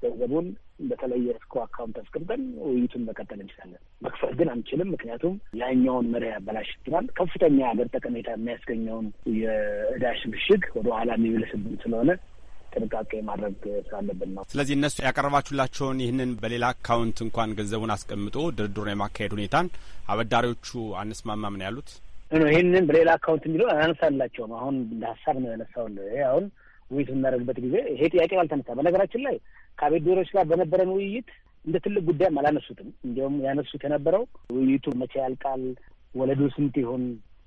ገንዘቡን በተለየ እስኮ አካውንት አስቀምጠን ውይይቱን መቀጠል እንችላለን። መክፈል ግን አንችልም፣ ምክንያቱም ያኛውን መሪ ያበላሽብናል። ከፍተኛ የሀገር ጠቀሜታ የሚያስገኘውን የእዳ ሽግሽግ ወደ ኋላ የሚብልስብን ስለሆነ ጥንቃቄ ማድረግ ስላለብን ነው። ስለዚህ እነሱ ያቀረባችሁላቸውን ይህንን በሌላ አካውንት እንኳን ገንዘቡን አስቀምጦ ድርድሩን የማካሄድ ሁኔታን አበዳሪዎቹ አንስማማም ነው ያሉት። ይህንን በሌላ አካውንት የሚለው አያነሳላቸውም። አሁን እንደ ሀሳብ ነው ያነሳውን አሁን ውይይት የምናደርግበት ጊዜ ይሄ ጥያቄ አልተነሳ። በነገራችን ላይ ከአቤት ዶሮች ጋር በነበረን ውይይት እንደ ትልቅ ጉዳይም አላነሱትም። እንዲሁም ያነሱት የነበረው ውይይቱ መቼ ያልቃል፣ ወለዱ ስንት ይሆን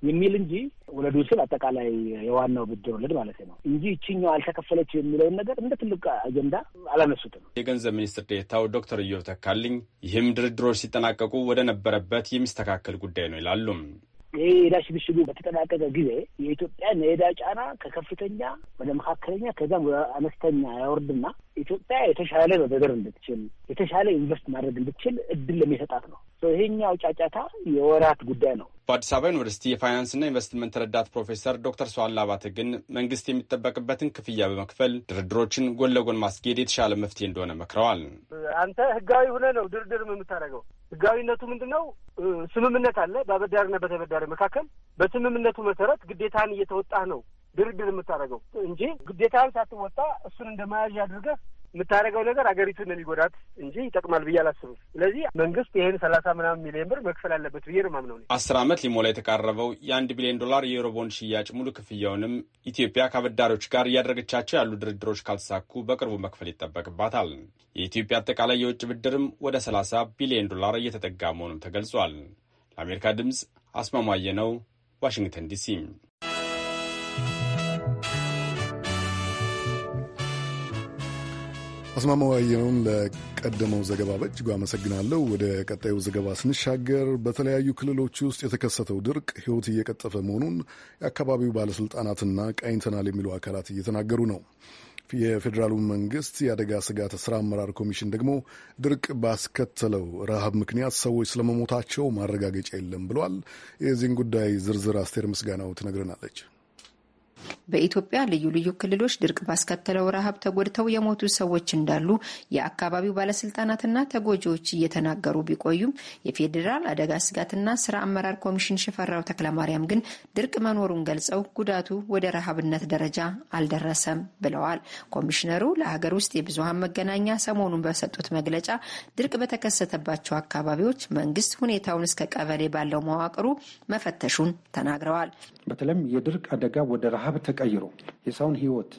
የሚል እንጂ ወለዱ ስል አጠቃላይ የዋናው ብድር ወለድ ማለት ነው እንጂ ይችኛው አልተከፈለች የሚለውን ነገር እንደ ትልቅ አጀንዳ አላነሱትም። የገንዘብ ሚኒስትር ዴታው ዶክተር እዮብ ተካልኝ ይህም ድርድሮች ሲጠናቀቁ ወደ ነበረበት የሚስተካከል ጉዳይ ነው ይላሉ። ይህ የዕዳ ሽግሽጉ በተጠናቀቀ ጊዜ የኢትዮጵያን የዕዳ ጫና ከከፍተኛ ወደ መካከለኛ ከዚያም ወደ አነስተኛ ያወርድና ኢትዮጵያ የተሻለ መበደር እንድትችል የተሻለ ኢንቨስት ማድረግ እንድትችል እድል የሚሰጣት ነው። ይሄኛው ጫጫታ የወራት ጉዳይ ነው። በአዲስ አበባ ዩኒቨርሲቲ የፋይናንስና ኢንቨስትመንት ረዳት ፕሮፌሰር ዶክተር ሰዋላ አባተ ግን መንግስት የሚጠበቅበትን ክፍያ በመክፈል ድርድሮችን ጎን ለጎን ማስጌድ የተሻለ መፍትሄ እንደሆነ መክረዋል። አንተ ህጋዊ ሆነ ነው ድርድር የምታደርገው። ህጋዊነቱ ምንድን ነው? ስምምነት አለ በአበዳሪና በተበዳሪ መካከል። በስምምነቱ መሰረት ግዴታን እየተወጣህ ነው ድርድር የምታደርገው እንጂ ግዴታህን ሳትወጣ እሱን እንደ መያዣ አድርገህ የምታደርገው ነገር አገሪቱን የሚጎዳት እንጂ ይጠቅማል ብዬ አላስብም። ስለዚህ መንግስት ይህን ሰላሳ ምናምን ሚሊዮን ብር መክፈል አለበት ብዬ ነው ማምነው። አስር ዓመት ሊሞላ የተቃረበው የአንድ ቢሊዮን ዶላር ቦንድ ሽያጭ ሙሉ ክፍያውንም ኢትዮጵያ ከአበዳሪዎች ጋር እያደረገቻቸው ያሉ ድርድሮች ካልተሳኩ በቅርቡ መክፈል ይጠበቅባታል። የኢትዮጵያ አጠቃላይ የውጭ ብድርም ወደ ሰላሳ ቢሊዮን ዶላር እየተጠጋ መሆኑም ተገልጿል። ለአሜሪካ ድምፅ አስማማየ ነው፣ ዋሽንግተን ዲሲ አስማማው አየነውን ለቀደመው ዘገባ በእጅጉ አመሰግናለሁ። ወደ ቀጣዩ ዘገባ ስንሻገር በተለያዩ ክልሎች ውስጥ የተከሰተው ድርቅ ሕይወት እየቀጠፈ መሆኑን የአካባቢው ባለሥልጣናትና ቃኝተናል የሚሉ አካላት እየተናገሩ ነው። የፌዴራሉ መንግስት የአደጋ ስጋት ስራ አመራር ኮሚሽን ደግሞ ድርቅ ባስከተለው ረሃብ ምክንያት ሰዎች ስለመሞታቸው ማረጋገጫ የለም ብሏል። የዚህን ጉዳይ ዝርዝር አስቴር ምስጋናው ትነግረናለች። በኢትዮጵያ ልዩ ልዩ ክልሎች ድርቅ ባስከተለው ረሃብ ተጎድተው የሞቱ ሰዎች እንዳሉ የአካባቢው ባለስልጣናትና ተጎጂዎች እየተናገሩ ቢቆዩም የፌዴራል አደጋ ስጋትና ስራ አመራር ኮሚሽን ሽፈራው ተክለማርያም ግን ድርቅ መኖሩን ገልጸው ጉዳቱ ወደ ረሃብነት ደረጃ አልደረሰም ብለዋል። ኮሚሽነሩ ለሀገር ውስጥ የብዙሀን መገናኛ ሰሞኑን በሰጡት መግለጫ ድርቅ በተከሰተባቸው አካባቢዎች መንግስት ሁኔታውን እስከ ቀበሌ ባለው መዋቅሩ መፈተሹን ተናግረዋል። በተለይም የድርቅ አደጋ ወደ ረሃብ ሀብት ተቀይሮ የሰውን ህይወት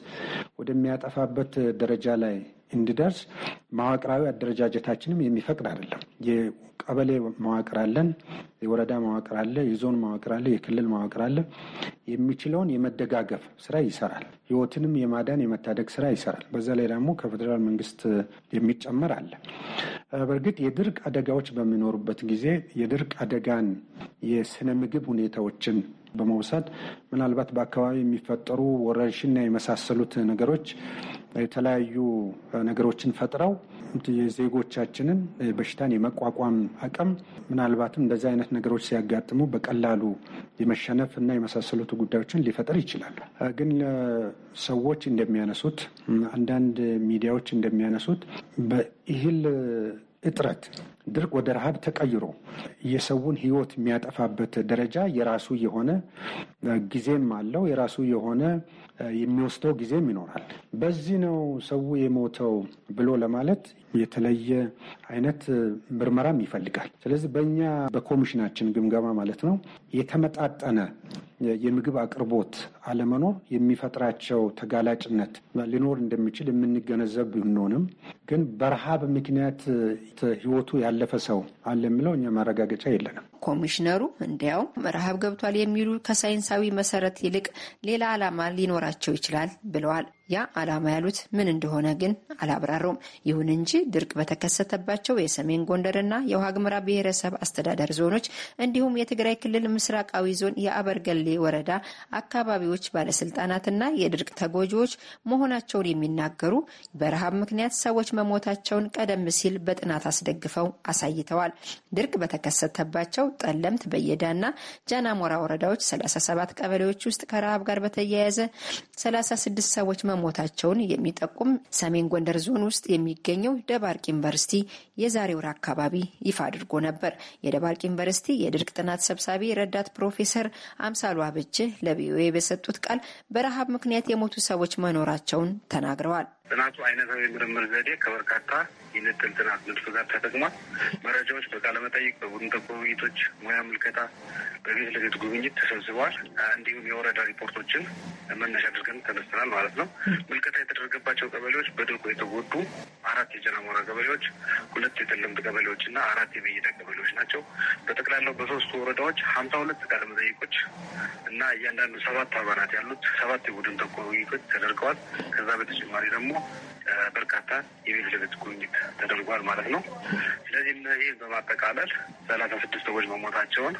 ወደሚያጠፋበት ደረጃ ላይ እንዲደርስ መዋቅራዊ አደረጃጀታችንም የሚፈቅድ አይደለም። የቀበሌ መዋቅር አለን፣ የወረዳ መዋቅር አለ፣ የዞን መዋቅር አለ፣ የክልል መዋቅር አለ። የሚችለውን የመደጋገፍ ስራ ይሰራል። ህይወትንም የማዳን የመታደግ ስራ ይሰራል። በዛ ላይ ደግሞ ከፌዴራል መንግስት የሚጨመር አለ። በእርግጥ የድርቅ አደጋዎች በሚኖሩበት ጊዜ የድርቅ አደጋን የስነ ምግብ ሁኔታዎችን በመውሰድ ምናልባት በአካባቢ የሚፈጠሩ ወረርሽና የመሳሰሉት ነገሮች የተለያዩ ነገሮችን ፈጥረው የዜጎቻችንን በሽታን የመቋቋም አቅም ምናልባትም እንደዚህ አይነት ነገሮች ሲያጋጥሙ በቀላሉ የመሸነፍ እና የመሳሰሉት ጉዳዮችን ሊፈጥር ይችላል። ግን ሰዎች እንደሚያነሱት አንዳንድ ሚዲያዎች እንደሚያነሱት በእህል እጥረት ድርቅ ወደ ረሃብ ተቀይሮ የሰውን ህይወት የሚያጠፋበት ደረጃ የራሱ የሆነ ጊዜም አለው። የራሱ የሆነ የሚወስደው ጊዜም ይኖራል። በዚህ ነው ሰው የሞተው ብሎ ለማለት የተለየ አይነት ምርመራም ይፈልጋል። ስለዚህ በእኛ በኮሚሽናችን ግምገማ ማለት ነው የተመጣጠነ የምግብ አቅርቦት አለመኖር የሚፈጥራቸው ተጋላጭነት ሊኖር እንደሚችል የምንገነዘብ ብንሆንም ግን በረሃብ ምክንያት ሕይወቱ ያለፈ ሰው አለ የሚለው እኛ ማረጋገጫ የለንም። ኮሚሽነሩ እንዲያውም ረሃብ ገብቷል የሚሉ ከሳይንሳዊ መሰረት ይልቅ ሌላ ዓላማ ሊኖራቸው ይችላል ብለዋል። ያ ዓላማ ያሉት ምን እንደሆነ ግን አላብራሩም። ይሁን እንጂ ድርቅ በተከሰተባቸው የሰሜን ጎንደርና የዋግ የውሃግምራ ብሔረሰብ አስተዳደር ዞኖች እንዲሁም የትግራይ ክልል ምስራቃዊ ዞን የአበርገሌ ወረዳ አካባቢዎች ባለስልጣናትና የድርቅ ተጎጂዎች መሆናቸውን የሚናገሩ በረሃብ ምክንያት ሰዎች መሞታቸውን ቀደም ሲል በጥናት አስደግፈው አሳይተዋል። ድርቅ በተከሰተባቸው ጠለምት፣ በየዳና ጃናሞራ ወረዳዎች 37 ቀበሌዎች ውስጥ ከረሃብ ጋር በተያያዘ 36 ሰዎች መሞታቸውን የሚጠቁም ሰሜን ጎንደር ዞን ውስጥ የሚገኘው ደባርቅ ዩኒቨርሲቲ የዛሬ ወር አካባቢ ይፋ አድርጎ ነበር። የደባርቅ ዩኒቨርሲቲ የድርቅ ጥናት ሰብሳቢ ረዳት ፕሮፌሰር አምሳሉ አብጅ ለቪኦኤ በሰጡት ቃል በረሃብ ምክንያት የሞቱ ሰዎች መኖራቸውን ተናግረዋል። ጥናቱ አይነታዊ ምርምር ዘዴ ከበርካታ የንጥል ጥናት ግልጽ ጋር ተጠቅሟል። መረጃዎች በቃለመጠይቅ፣ በቡድን ተኮር ውይይቶች፣ ሙያ ምልከታ፣ በቤት ለቤት ጉብኝት ተሰብስበዋል። እንዲሁም የወረዳ ሪፖርቶችን መነሻ አድርገን ተነስተናል ማለት ነው። ምልከታ የተደረገባቸው ቀበሌዎች በድርቁ የተጎዱ አራት የጀናሞራ ቀበሌዎች፣ ሁለት የተለምድ ቀበሌዎች እና አራት የበይዳ ቀበሌዎች ናቸው። በጠቅላላው በሶስቱ ወረዳዎች ሀምሳ ሁለት ቃለመጠይቆች እና እያንዳንዱ ሰባት አባላት ያሉት ሰባት የቡድን ተኮር ውይይቶች ተደርገዋል። ከዛ በተጨማሪ ደግሞ በርካታ የቤት ለቤት ጉብኝት ተደርጓል ማለት ነው። ስለዚህ እነዚህ በማጠቃለል ሰላሳ ስድስት ሰዎች መሞታቸውን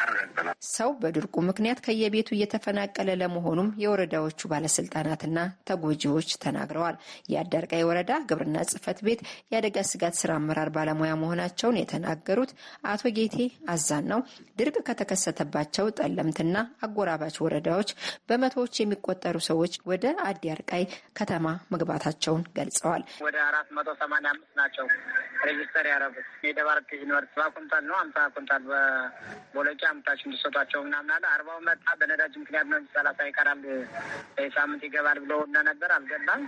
አረጋግጠናል። ሰው በድርቁ ምክንያት ከየቤቱ እየተፈናቀለ ለመሆኑም የወረዳዎቹ ባለስልጣናትና ተጎጂዎች ተናግረዋል። የአዳርቃይ ወረዳ ግብርና ጽህፈት ቤት የአደጋ ስጋት ስራ አመራር ባለሙያ መሆናቸውን የተናገሩት አቶ ጌቴ አዛን ነው ድርቅ ከተከሰተባቸው ጠለምትና አጎራባች ወረዳዎች በመቶዎች የሚቆጠሩ ሰዎች ወደ አዲያርቃይ ከተማ መግባታቸው መሆኑን ገልጸዋል። ወደ አራት መቶ ሰማንያ አምስት ናቸው ሬጅስተር ያደረጉት የደባርክ ዩኒቨርስቲ ሰባ ኩንታል ነው አምሳ ኩንታል በቦለቂ አምታች እንዲሰጧቸው ምናምን አለ። አርባው መጣ። በነዳጅ ምክንያት ነው ሰላሳ ይቀራል ሳምንት ይገባል ብሎ ነበር አልገባም።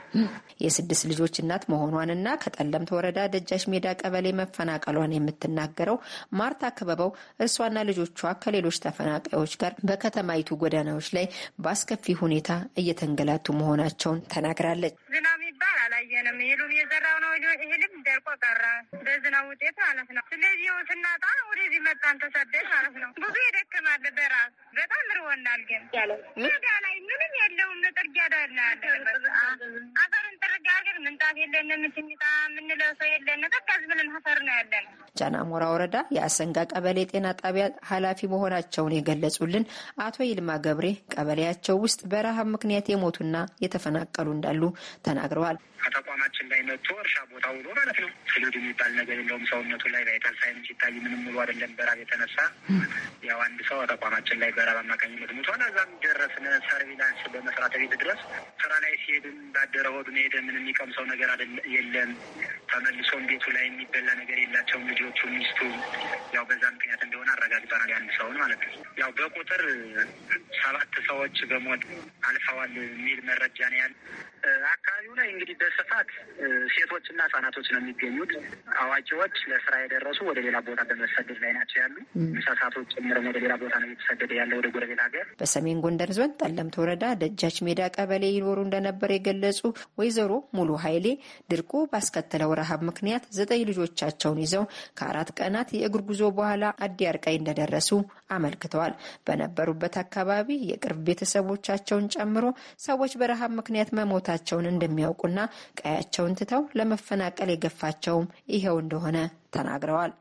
የስድስት ልጆች እናት መሆኗንና ከጠለምት ወረዳ ደጃሽ ሜዳ ቀበሌ መፈናቀሏን የምትናገረው ማርታ ክበበው እርሷና ልጆቿ ከሌሎች ተፈናቃዮች ጋር በከተማይቱ ጎዳናዎች ላይ በአስከፊ ሁኔታ እየተንገላቱ መሆናቸውን ተናግራለች። ዝናብ አላየንም። ይሉን የዘራው ነው ይህልም ደርቆ ቀረ። በዝናብ ውጤት ማለት ነው። ስለዚህ ስናጣ ወደዚህ መጣን ተሰደሽ ማለት ነው። ብዙ የደከማል በራስ በጣም ርወናል። ግን ሜዳ ላይ ምንም የለውም። ጥርጊያ ዳለ አፈርን ጥርጊያ ግን ምንጣፍ የለንም። ስሚጣ የምንለብሰው የለን። በቃ ዝብልን አፈር ነው ያለን። ጃና ሞራ ወረዳ የአሰንጋ ቀበሌ ጤና ጣቢያ ኃላፊ መሆናቸውን የገለጹልን አቶ ይልማ ገብሬ ቀበሌያቸው ውስጥ በረሃብ ምክንያት የሞቱና የተፈናቀሉ እንዳሉ ተናግረዋል። ከተቋማችን ላይ መጥቶ እርሻ ቦታ ውሎ ማለት ነው ፍሉድ የሚባል ነገር የለውም ሰውነቱ ላይ ቫይታል ሳይን ሲታይ ምንም ሙሉ አይደለም። በራብ የተነሳ ያው አንድ ሰው ተቋማችን ላይ በራብ አማካኝነት ሙቷል። እዛም ደረስን ሰርቪላንስ በመስራት ቤት ድረስ ስራ ላይ ሲሄድም ባደረ ሆድ ሄደ ምን የሚቀምሰው ነገር የለም። ተመልሶም ቤቱ ላይ የሚበላ ነገር የላቸውም ልጆቹ፣ ሚስቱ ያው በዛ ምክንያት እንደሆነ አረጋግጠናል። ያንድ ሰውን ማለት ነው ያው በቁጥር ሰባት ሰዎች በሞት አልፈዋል የሚል መረጃ ነው ያለ አካባቢው ላይ እንግዲህ በስፋት ሴቶችና ህጻናቶች ነው የሚገኙት። አዋቂዎች ለስራ የደረሱ ወደ ሌላ ቦታ በመሰደድ ላይ ናቸው ያሉ እንስሳቶች ጭምር ወደ ሌላ ቦታ ነው እየተሰደደ ያለ ወደ ጎረቤት ሀገር። በሰሜን ጎንደር ዞን ጠለምት ወረዳ ደጃች ሜዳ ቀበሌ ይኖሩ እንደነበር የገለጹ ወይዘሮ ሙሉ ኃይሌ ድርቁ ባስከተለው ረሃብ ምክንያት ዘጠኝ ልጆቻቸውን ይዘው ከአራት ቀናት የእግር ጉዞ በኋላ አዲ አርቃይ እንደደረሱ አመልክተዋል። በነበሩበት አካባቢ የቅርብ ቤተሰቦቻቸውን ጨምሮ ሰዎች በረሃብ ምክንያት መሞታቸውን እንደሚያውቁና ቀያቸውን ትተው ለመፈናቀል የገፋቸውም ይኸው እንደሆነ ተናግረዋል።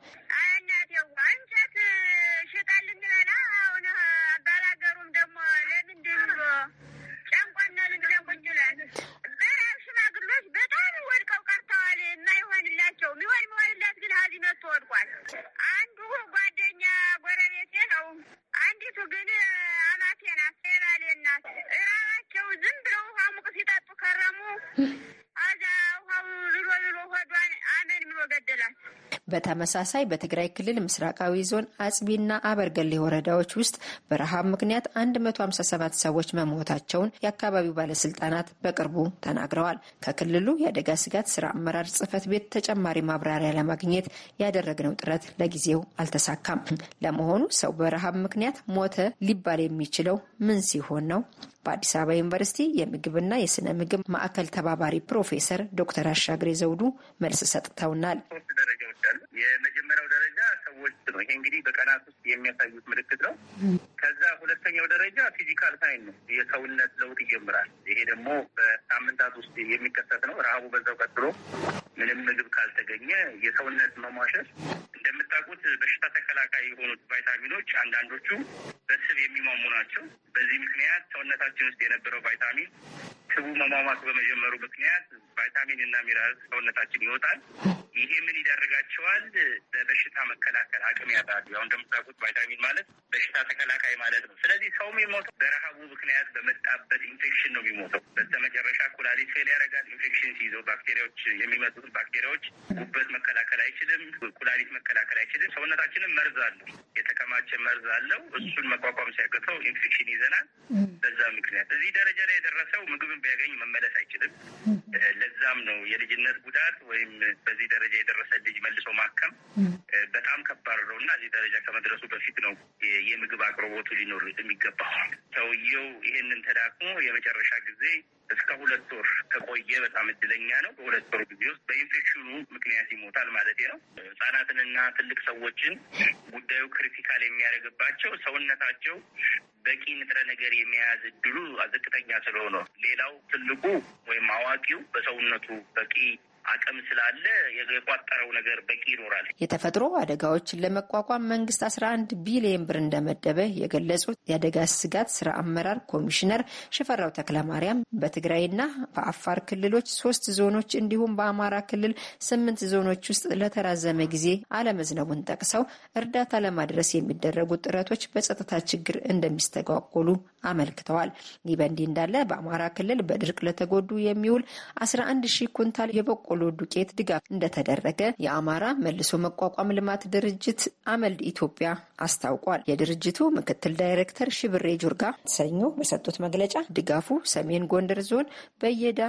በተመሳሳይ በትግራይ ክልል ምስራቃዊ ዞን አጽቢና አበርገሌ ወረዳዎች ውስጥ በረሃብ ምክንያት 157 ሰዎች መሞታቸውን የአካባቢው ባለስልጣናት በቅርቡ ተናግረዋል። ከክልሉ የአደጋ ስጋት ስራ አመራር ጽህፈት ቤት ተጨማሪ ማብራሪያ ለማግኘት ያደረግነው ጥረት ለጊዜው አልተሳካም። ለመሆኑ ሰው በረሃብ ምክንያት ሞተ ሊባል የሚችለው ምን ሲሆን ነው? በአዲስ አበባ ዩኒቨርሲቲ የምግብና የስነ ምግብ ማዕከል ተባባሪ ፕሮፌሰር ዶክተር አሻግሬ ዘውዱ መልስ ሰጥተውናል። ሶስት ይወዳሉ። የመጀመሪያ ውስጥ ነው። ይሄ እንግዲህ በቀናት ውስጥ የሚያሳዩት ምልክት ነው። ከዛ ሁለተኛው ደረጃ ፊዚካል ሳይን ነው። የሰውነት ለውጥ ይጀምራል። ይሄ ደግሞ በሳምንታት ውስጥ የሚከሰት ነው። ረሃቡ በዛው ቀጥሎ ምንም ምግብ ካልተገኘ የሰውነት መሟሸት እንደምታውቁት በሽታ ተከላካይ የሆኑት ቫይታሚኖች አንዳንዶቹ በስብ የሚሟሙ ናቸው። በዚህ ምክንያት ሰውነታችን ውስጥ የነበረው ቫይታሚን ስቡ መሟሟት በመጀመሩ ምክንያት ቫይታሚን እና ሚነራል ሰውነታችን ይወጣል። ይሄ ምን ይደረጋቸዋል? በበሽታ መከላከል የመከላከል አቅም ያጣሉ። ያው እንደምታውቁት ቫይታሚን ማለት በሽታ ተከላካይ ማለት ነው። ስለዚህ ሰው የሚሞተው በረሃቡ ምክንያት በመጣበት ኢንፌክሽን ነው የሚሞተው። በስተመጨረሻ ኩላሊት ፌል ያደርጋል። ኢንፌክሽን ሲይዘው ባክቴሪያዎች የሚመጡት ባክቴሪያዎች ጉበት መከላከል አይችልም፣ ኩላሊት መከላከል አይችልም። ሰውነታችንም መርዝ የተ ደማችን መርዝ አለው። እሱን መቋቋም ሲያቅተው ኢንፌክሽን ይዘናል። በዛ ምክንያት እዚህ ደረጃ ላይ የደረሰው ምግብን ቢያገኝ መመለስ አይችልም። ለዛም ነው የልጅነት ጉዳት ወይም በዚህ ደረጃ የደረሰ ልጅ መልሶ ማከም በጣም ከባድ ነው እና እዚህ ደረጃ ከመድረሱ በፊት ነው የምግብ አቅርቦቱ ሊኖር የሚገባው። ሰውየው ይህንን ተዳክሞ የመጨረሻ ጊዜ እስከ ሁለት ወር ከቆየ በጣም እድለኛ ነው። በሁለት ወር ጊዜ ውስጥ በኢንፌክሽኑ ምክንያት ይሞታል ማለት ነው። ህጻናትንና ትልቅ ሰዎችን ጉዳዩ ክሪቲካል የሚያደርግባቸው ሰውነታቸው በቂ ንጥረ ነገር የመያዝ እድሉ ዝቅተኛ ስለሆነ፣ ሌላው ትልቁ ወይም አዋቂው በሰውነቱ በቂ አቅም ስላለ የቋጠረው ነገር በቂ ይኖራል። የተፈጥሮ አደጋዎችን ለመቋቋም መንግስት አስራ አንድ ቢሊየን ብር እንደመደበ የገለጹት የአደጋ ስጋት ስራ አመራር ኮሚሽነር ሽፈራው ተክለማርያም በትግራይና በአፋር ክልሎች ሶስት ዞኖች እንዲሁም በአማራ ክልል ስምንት ዞኖች ውስጥ ለተራዘመ ጊዜ አለመዝነቡን ጠቅሰው እርዳታ ለማድረስ የሚደረጉ ጥረቶች በጸጥታ ችግር እንደሚስተጓጎሉ አመልክተዋል። ይህ በእንዲህ እንዳለ በአማራ ክልል በድርቅ ለተጎዱ የሚውል አስራ አንድ ሺህ ኩንታል የበቆ የበቆሎ ዱቄት ድጋፍ እንደተደረገ የአማራ መልሶ መቋቋም ልማት ድርጅት አመልድ ኢትዮጵያ አስታውቋል። የድርጅቱ ምክትል ዳይሬክተር ሽብሬ ጆርጋ ሰኞ በሰጡት መግለጫ ድጋፉ ሰሜን ጎንደር ዞን በየዳ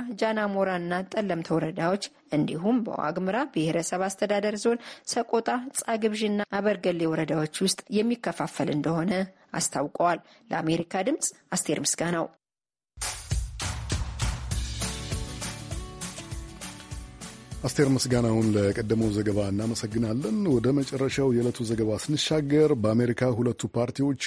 እና ጠለምተ ወረዳዎች እንዲሁም በዋግምራ ብሔረሰብ አስተዳደር ዞን ሰቆጣ፣ ጻግብዥና አበርገሌ ወረዳዎች ውስጥ የሚከፋፈል እንደሆነ አስታውቀዋል። ለአሜሪካ ድምጽ አስቴር ምስጋናው አስቴር ምስጋናውን ለቀደመው ዘገባ እናመሰግናለን። ወደ መጨረሻው የዕለቱ ዘገባ ስንሻገር በአሜሪካ ሁለቱ ፓርቲዎች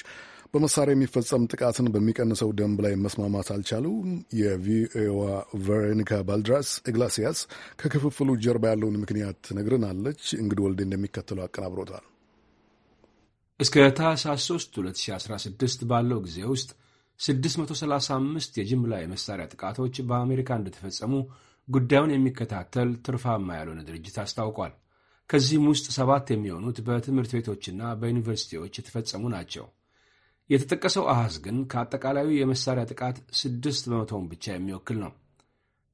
በመሳሪያ የሚፈጸም ጥቃትን በሚቀንሰው ደንብ ላይ መስማማት አልቻሉም። የቪኦኤዋ ቬሮኒካ ባልድራስ ኢግላሲያስ ከክፍፍሉ ጀርባ ያለውን ምክንያት ትነግረናለች። እንግድ ወልዴ እንደሚከተለው አቀናብሮታል። እስከ ታህሳስ 3 2016 ባለው ጊዜ ውስጥ 635 የጅምላ የመሳሪያ ጥቃቶች በአሜሪካ እንደተፈጸሙ ጉዳዩን የሚከታተል ትርፋማ ያልሆነ ድርጅት አስታውቋል። ከዚህም ውስጥ ሰባት የሚሆኑት በትምህርት ቤቶችና በዩኒቨርሲቲዎች የተፈጸሙ ናቸው። የተጠቀሰው አሐዝ ግን ከአጠቃላዩ የመሳሪያ ጥቃት ስድስት በመቶውን ብቻ የሚወክል ነው።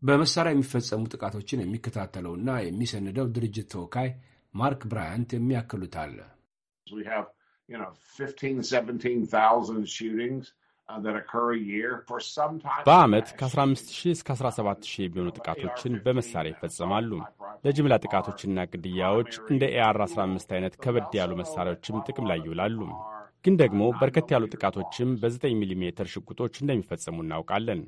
በመሳሪያ የሚፈጸሙ ጥቃቶችን የሚከታተለውና የሚሰንደው ድርጅት ተወካይ ማርክ ብራያንት የሚያክሉት አለ። በዓመት ከ 15 እስከ 17 የሚሆኑ ጥቃቶችን በመሳሪያ ይፈጸማሉ። ለጅምላ ጥቃቶችና ግድያዎች እንደ ኤአር 15 አይነት ከበድ ያሉ መሳሪያዎችም ጥቅም ላይ ይውላሉ። ግን ደግሞ በርከት ያሉ ጥቃቶችም በ9 ሚሜ ሽጉጦች እንደሚፈጸሙ እናውቃለን።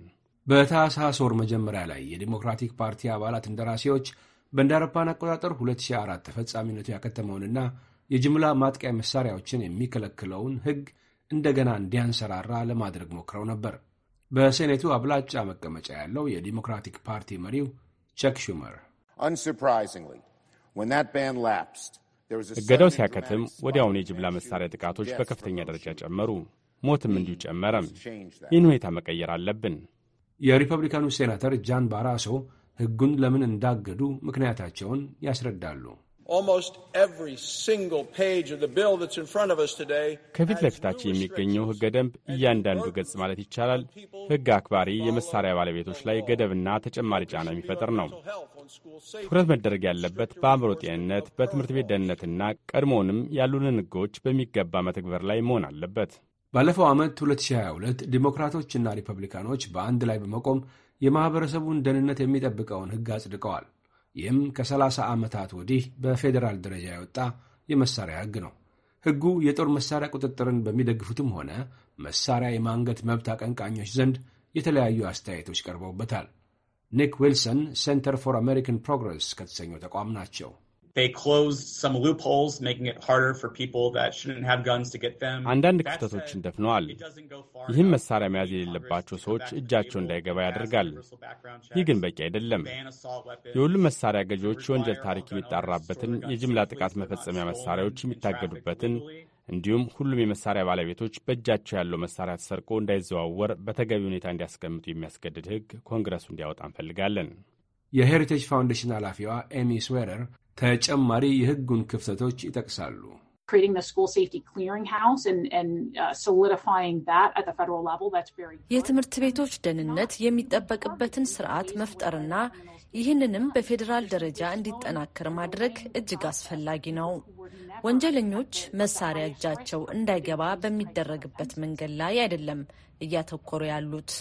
በታህሳስ ወር መጀመሪያ ላይ የዲሞክራቲክ ፓርቲ አባላት እንደራሴዎች በእንደ አቆጣጠር 2004 ተፈጻሚነቱ ያከተመውንና የጅምላ ማጥቂያ መሳሪያዎችን የሚከለክለውን ሕግ እንደገና እንዲያንሰራራ ለማድረግ ሞክረው ነበር። በሴኔቱ አብላጫ መቀመጫ ያለው የዲሞክራቲክ ፓርቲ መሪው ቸክ ሹመር እገዳው ሲያከትም ወዲያውኑ የጅምላ መሳሪያ ጥቃቶች በከፍተኛ ደረጃ ጨመሩ። ሞትም እንዲሁ ጨመረም። ይህን ሁኔታ መቀየር አለብን። የሪፐብሊካኑ ሴናተር ጃን ባራሶ ሕጉን ለምን እንዳገዱ ምክንያታቸውን ያስረዳሉ። ከፊት ለፊታችን የሚገኘው ህገ ደንብ እያንዳንዱ ገጽ ማለት ይቻላል ህግ አክባሪ የመሳሪያ ባለቤቶች ላይ ገደብና ተጨማሪ ጫና የሚፈጥር ነው። ትኩረት መደረግ ያለበት በአእምሮ ጤንነት፣ በትምህርት ቤት ደህንነትና ቀድሞውንም ያሉንን ህጎች በሚገባ መተግበር ላይ መሆን አለበት። ባለፈው ዓመት 2022 ዲሞክራቶችና ሪፐብሊካኖች በአንድ ላይ በመቆም የማኅበረሰቡን ደህንነት የሚጠብቀውን ህግ አጽድቀዋል። ይህም ከ30 ዓመታት ወዲህ በፌዴራል ደረጃ የወጣ የመሳሪያ ሕግ ነው። ሕጉ የጦር መሳሪያ ቁጥጥርን በሚደግፉትም ሆነ መሳሪያ የማንገት መብት አቀንቃኞች ዘንድ የተለያዩ አስተያየቶች ቀርበውበታል። ኒክ ዊልሰን ሴንተር ፎር አሜሪካን ፕሮግረስ ከተሰኘው ተቋም ናቸው። አንዳንድ ክፍተቶችን ደፍነዋል። ይህም መሳሪያ መያዝ የሌለባቸው ሰዎች እጃቸው እንዳይገባ ያደርጋል። ይህ ግን በቂ አይደለም። የሁሉም መሳሪያ ገዢዎች የወንጀል ታሪክ የሚጣራበትን፣ የጅምላ ጥቃት መፈጸሚያ መሳሪያዎች የሚታገዱበትን እንዲሁም ሁሉም የመሳሪያ ባለቤቶች በእጃቸው ያለው መሳሪያ ተሰርቆ እንዳይዘዋወር በተገቢ ሁኔታ እንዲያስቀምጡ የሚያስገድድ ሕግ ኮንግረሱ እንዲያወጣ እንፈልጋለን። የሄሪቴጅ ፋውንዴሽን ኃላፊዋ ኤሚ ስዌረር ተጨማሪ የሕጉን ክፍተቶች ይጠቅሳሉ። uh, የትምህርት ቤቶች ደህንነት የሚጠበቅበትን ስርዓት መፍጠርና ይህንንም በፌዴራል ደረጃ እንዲጠናከር ማድረግ እጅግ አስፈላጊ ነው። ወንጀለኞች መሳሪያ እጃቸው እንዳይገባ በሚደረግበት መንገድ ላይ አይደለም እያተኮሩ ያሉት።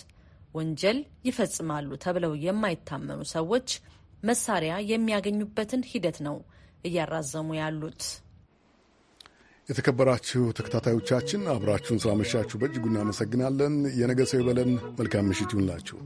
ወንጀል ይፈጽማሉ ተብለው የማይታመኑ ሰዎች መሳሪያ የሚያገኙበትን ሂደት ነው እያራዘሙ ያሉት። የተከበራችሁ ተከታታዮቻችን አብራችሁን ስላመሻችሁ በእጅጉ እናመሰግናለን። የነገ ሰው ይበለን። መልካም ምሽት ይሁንላችሁ።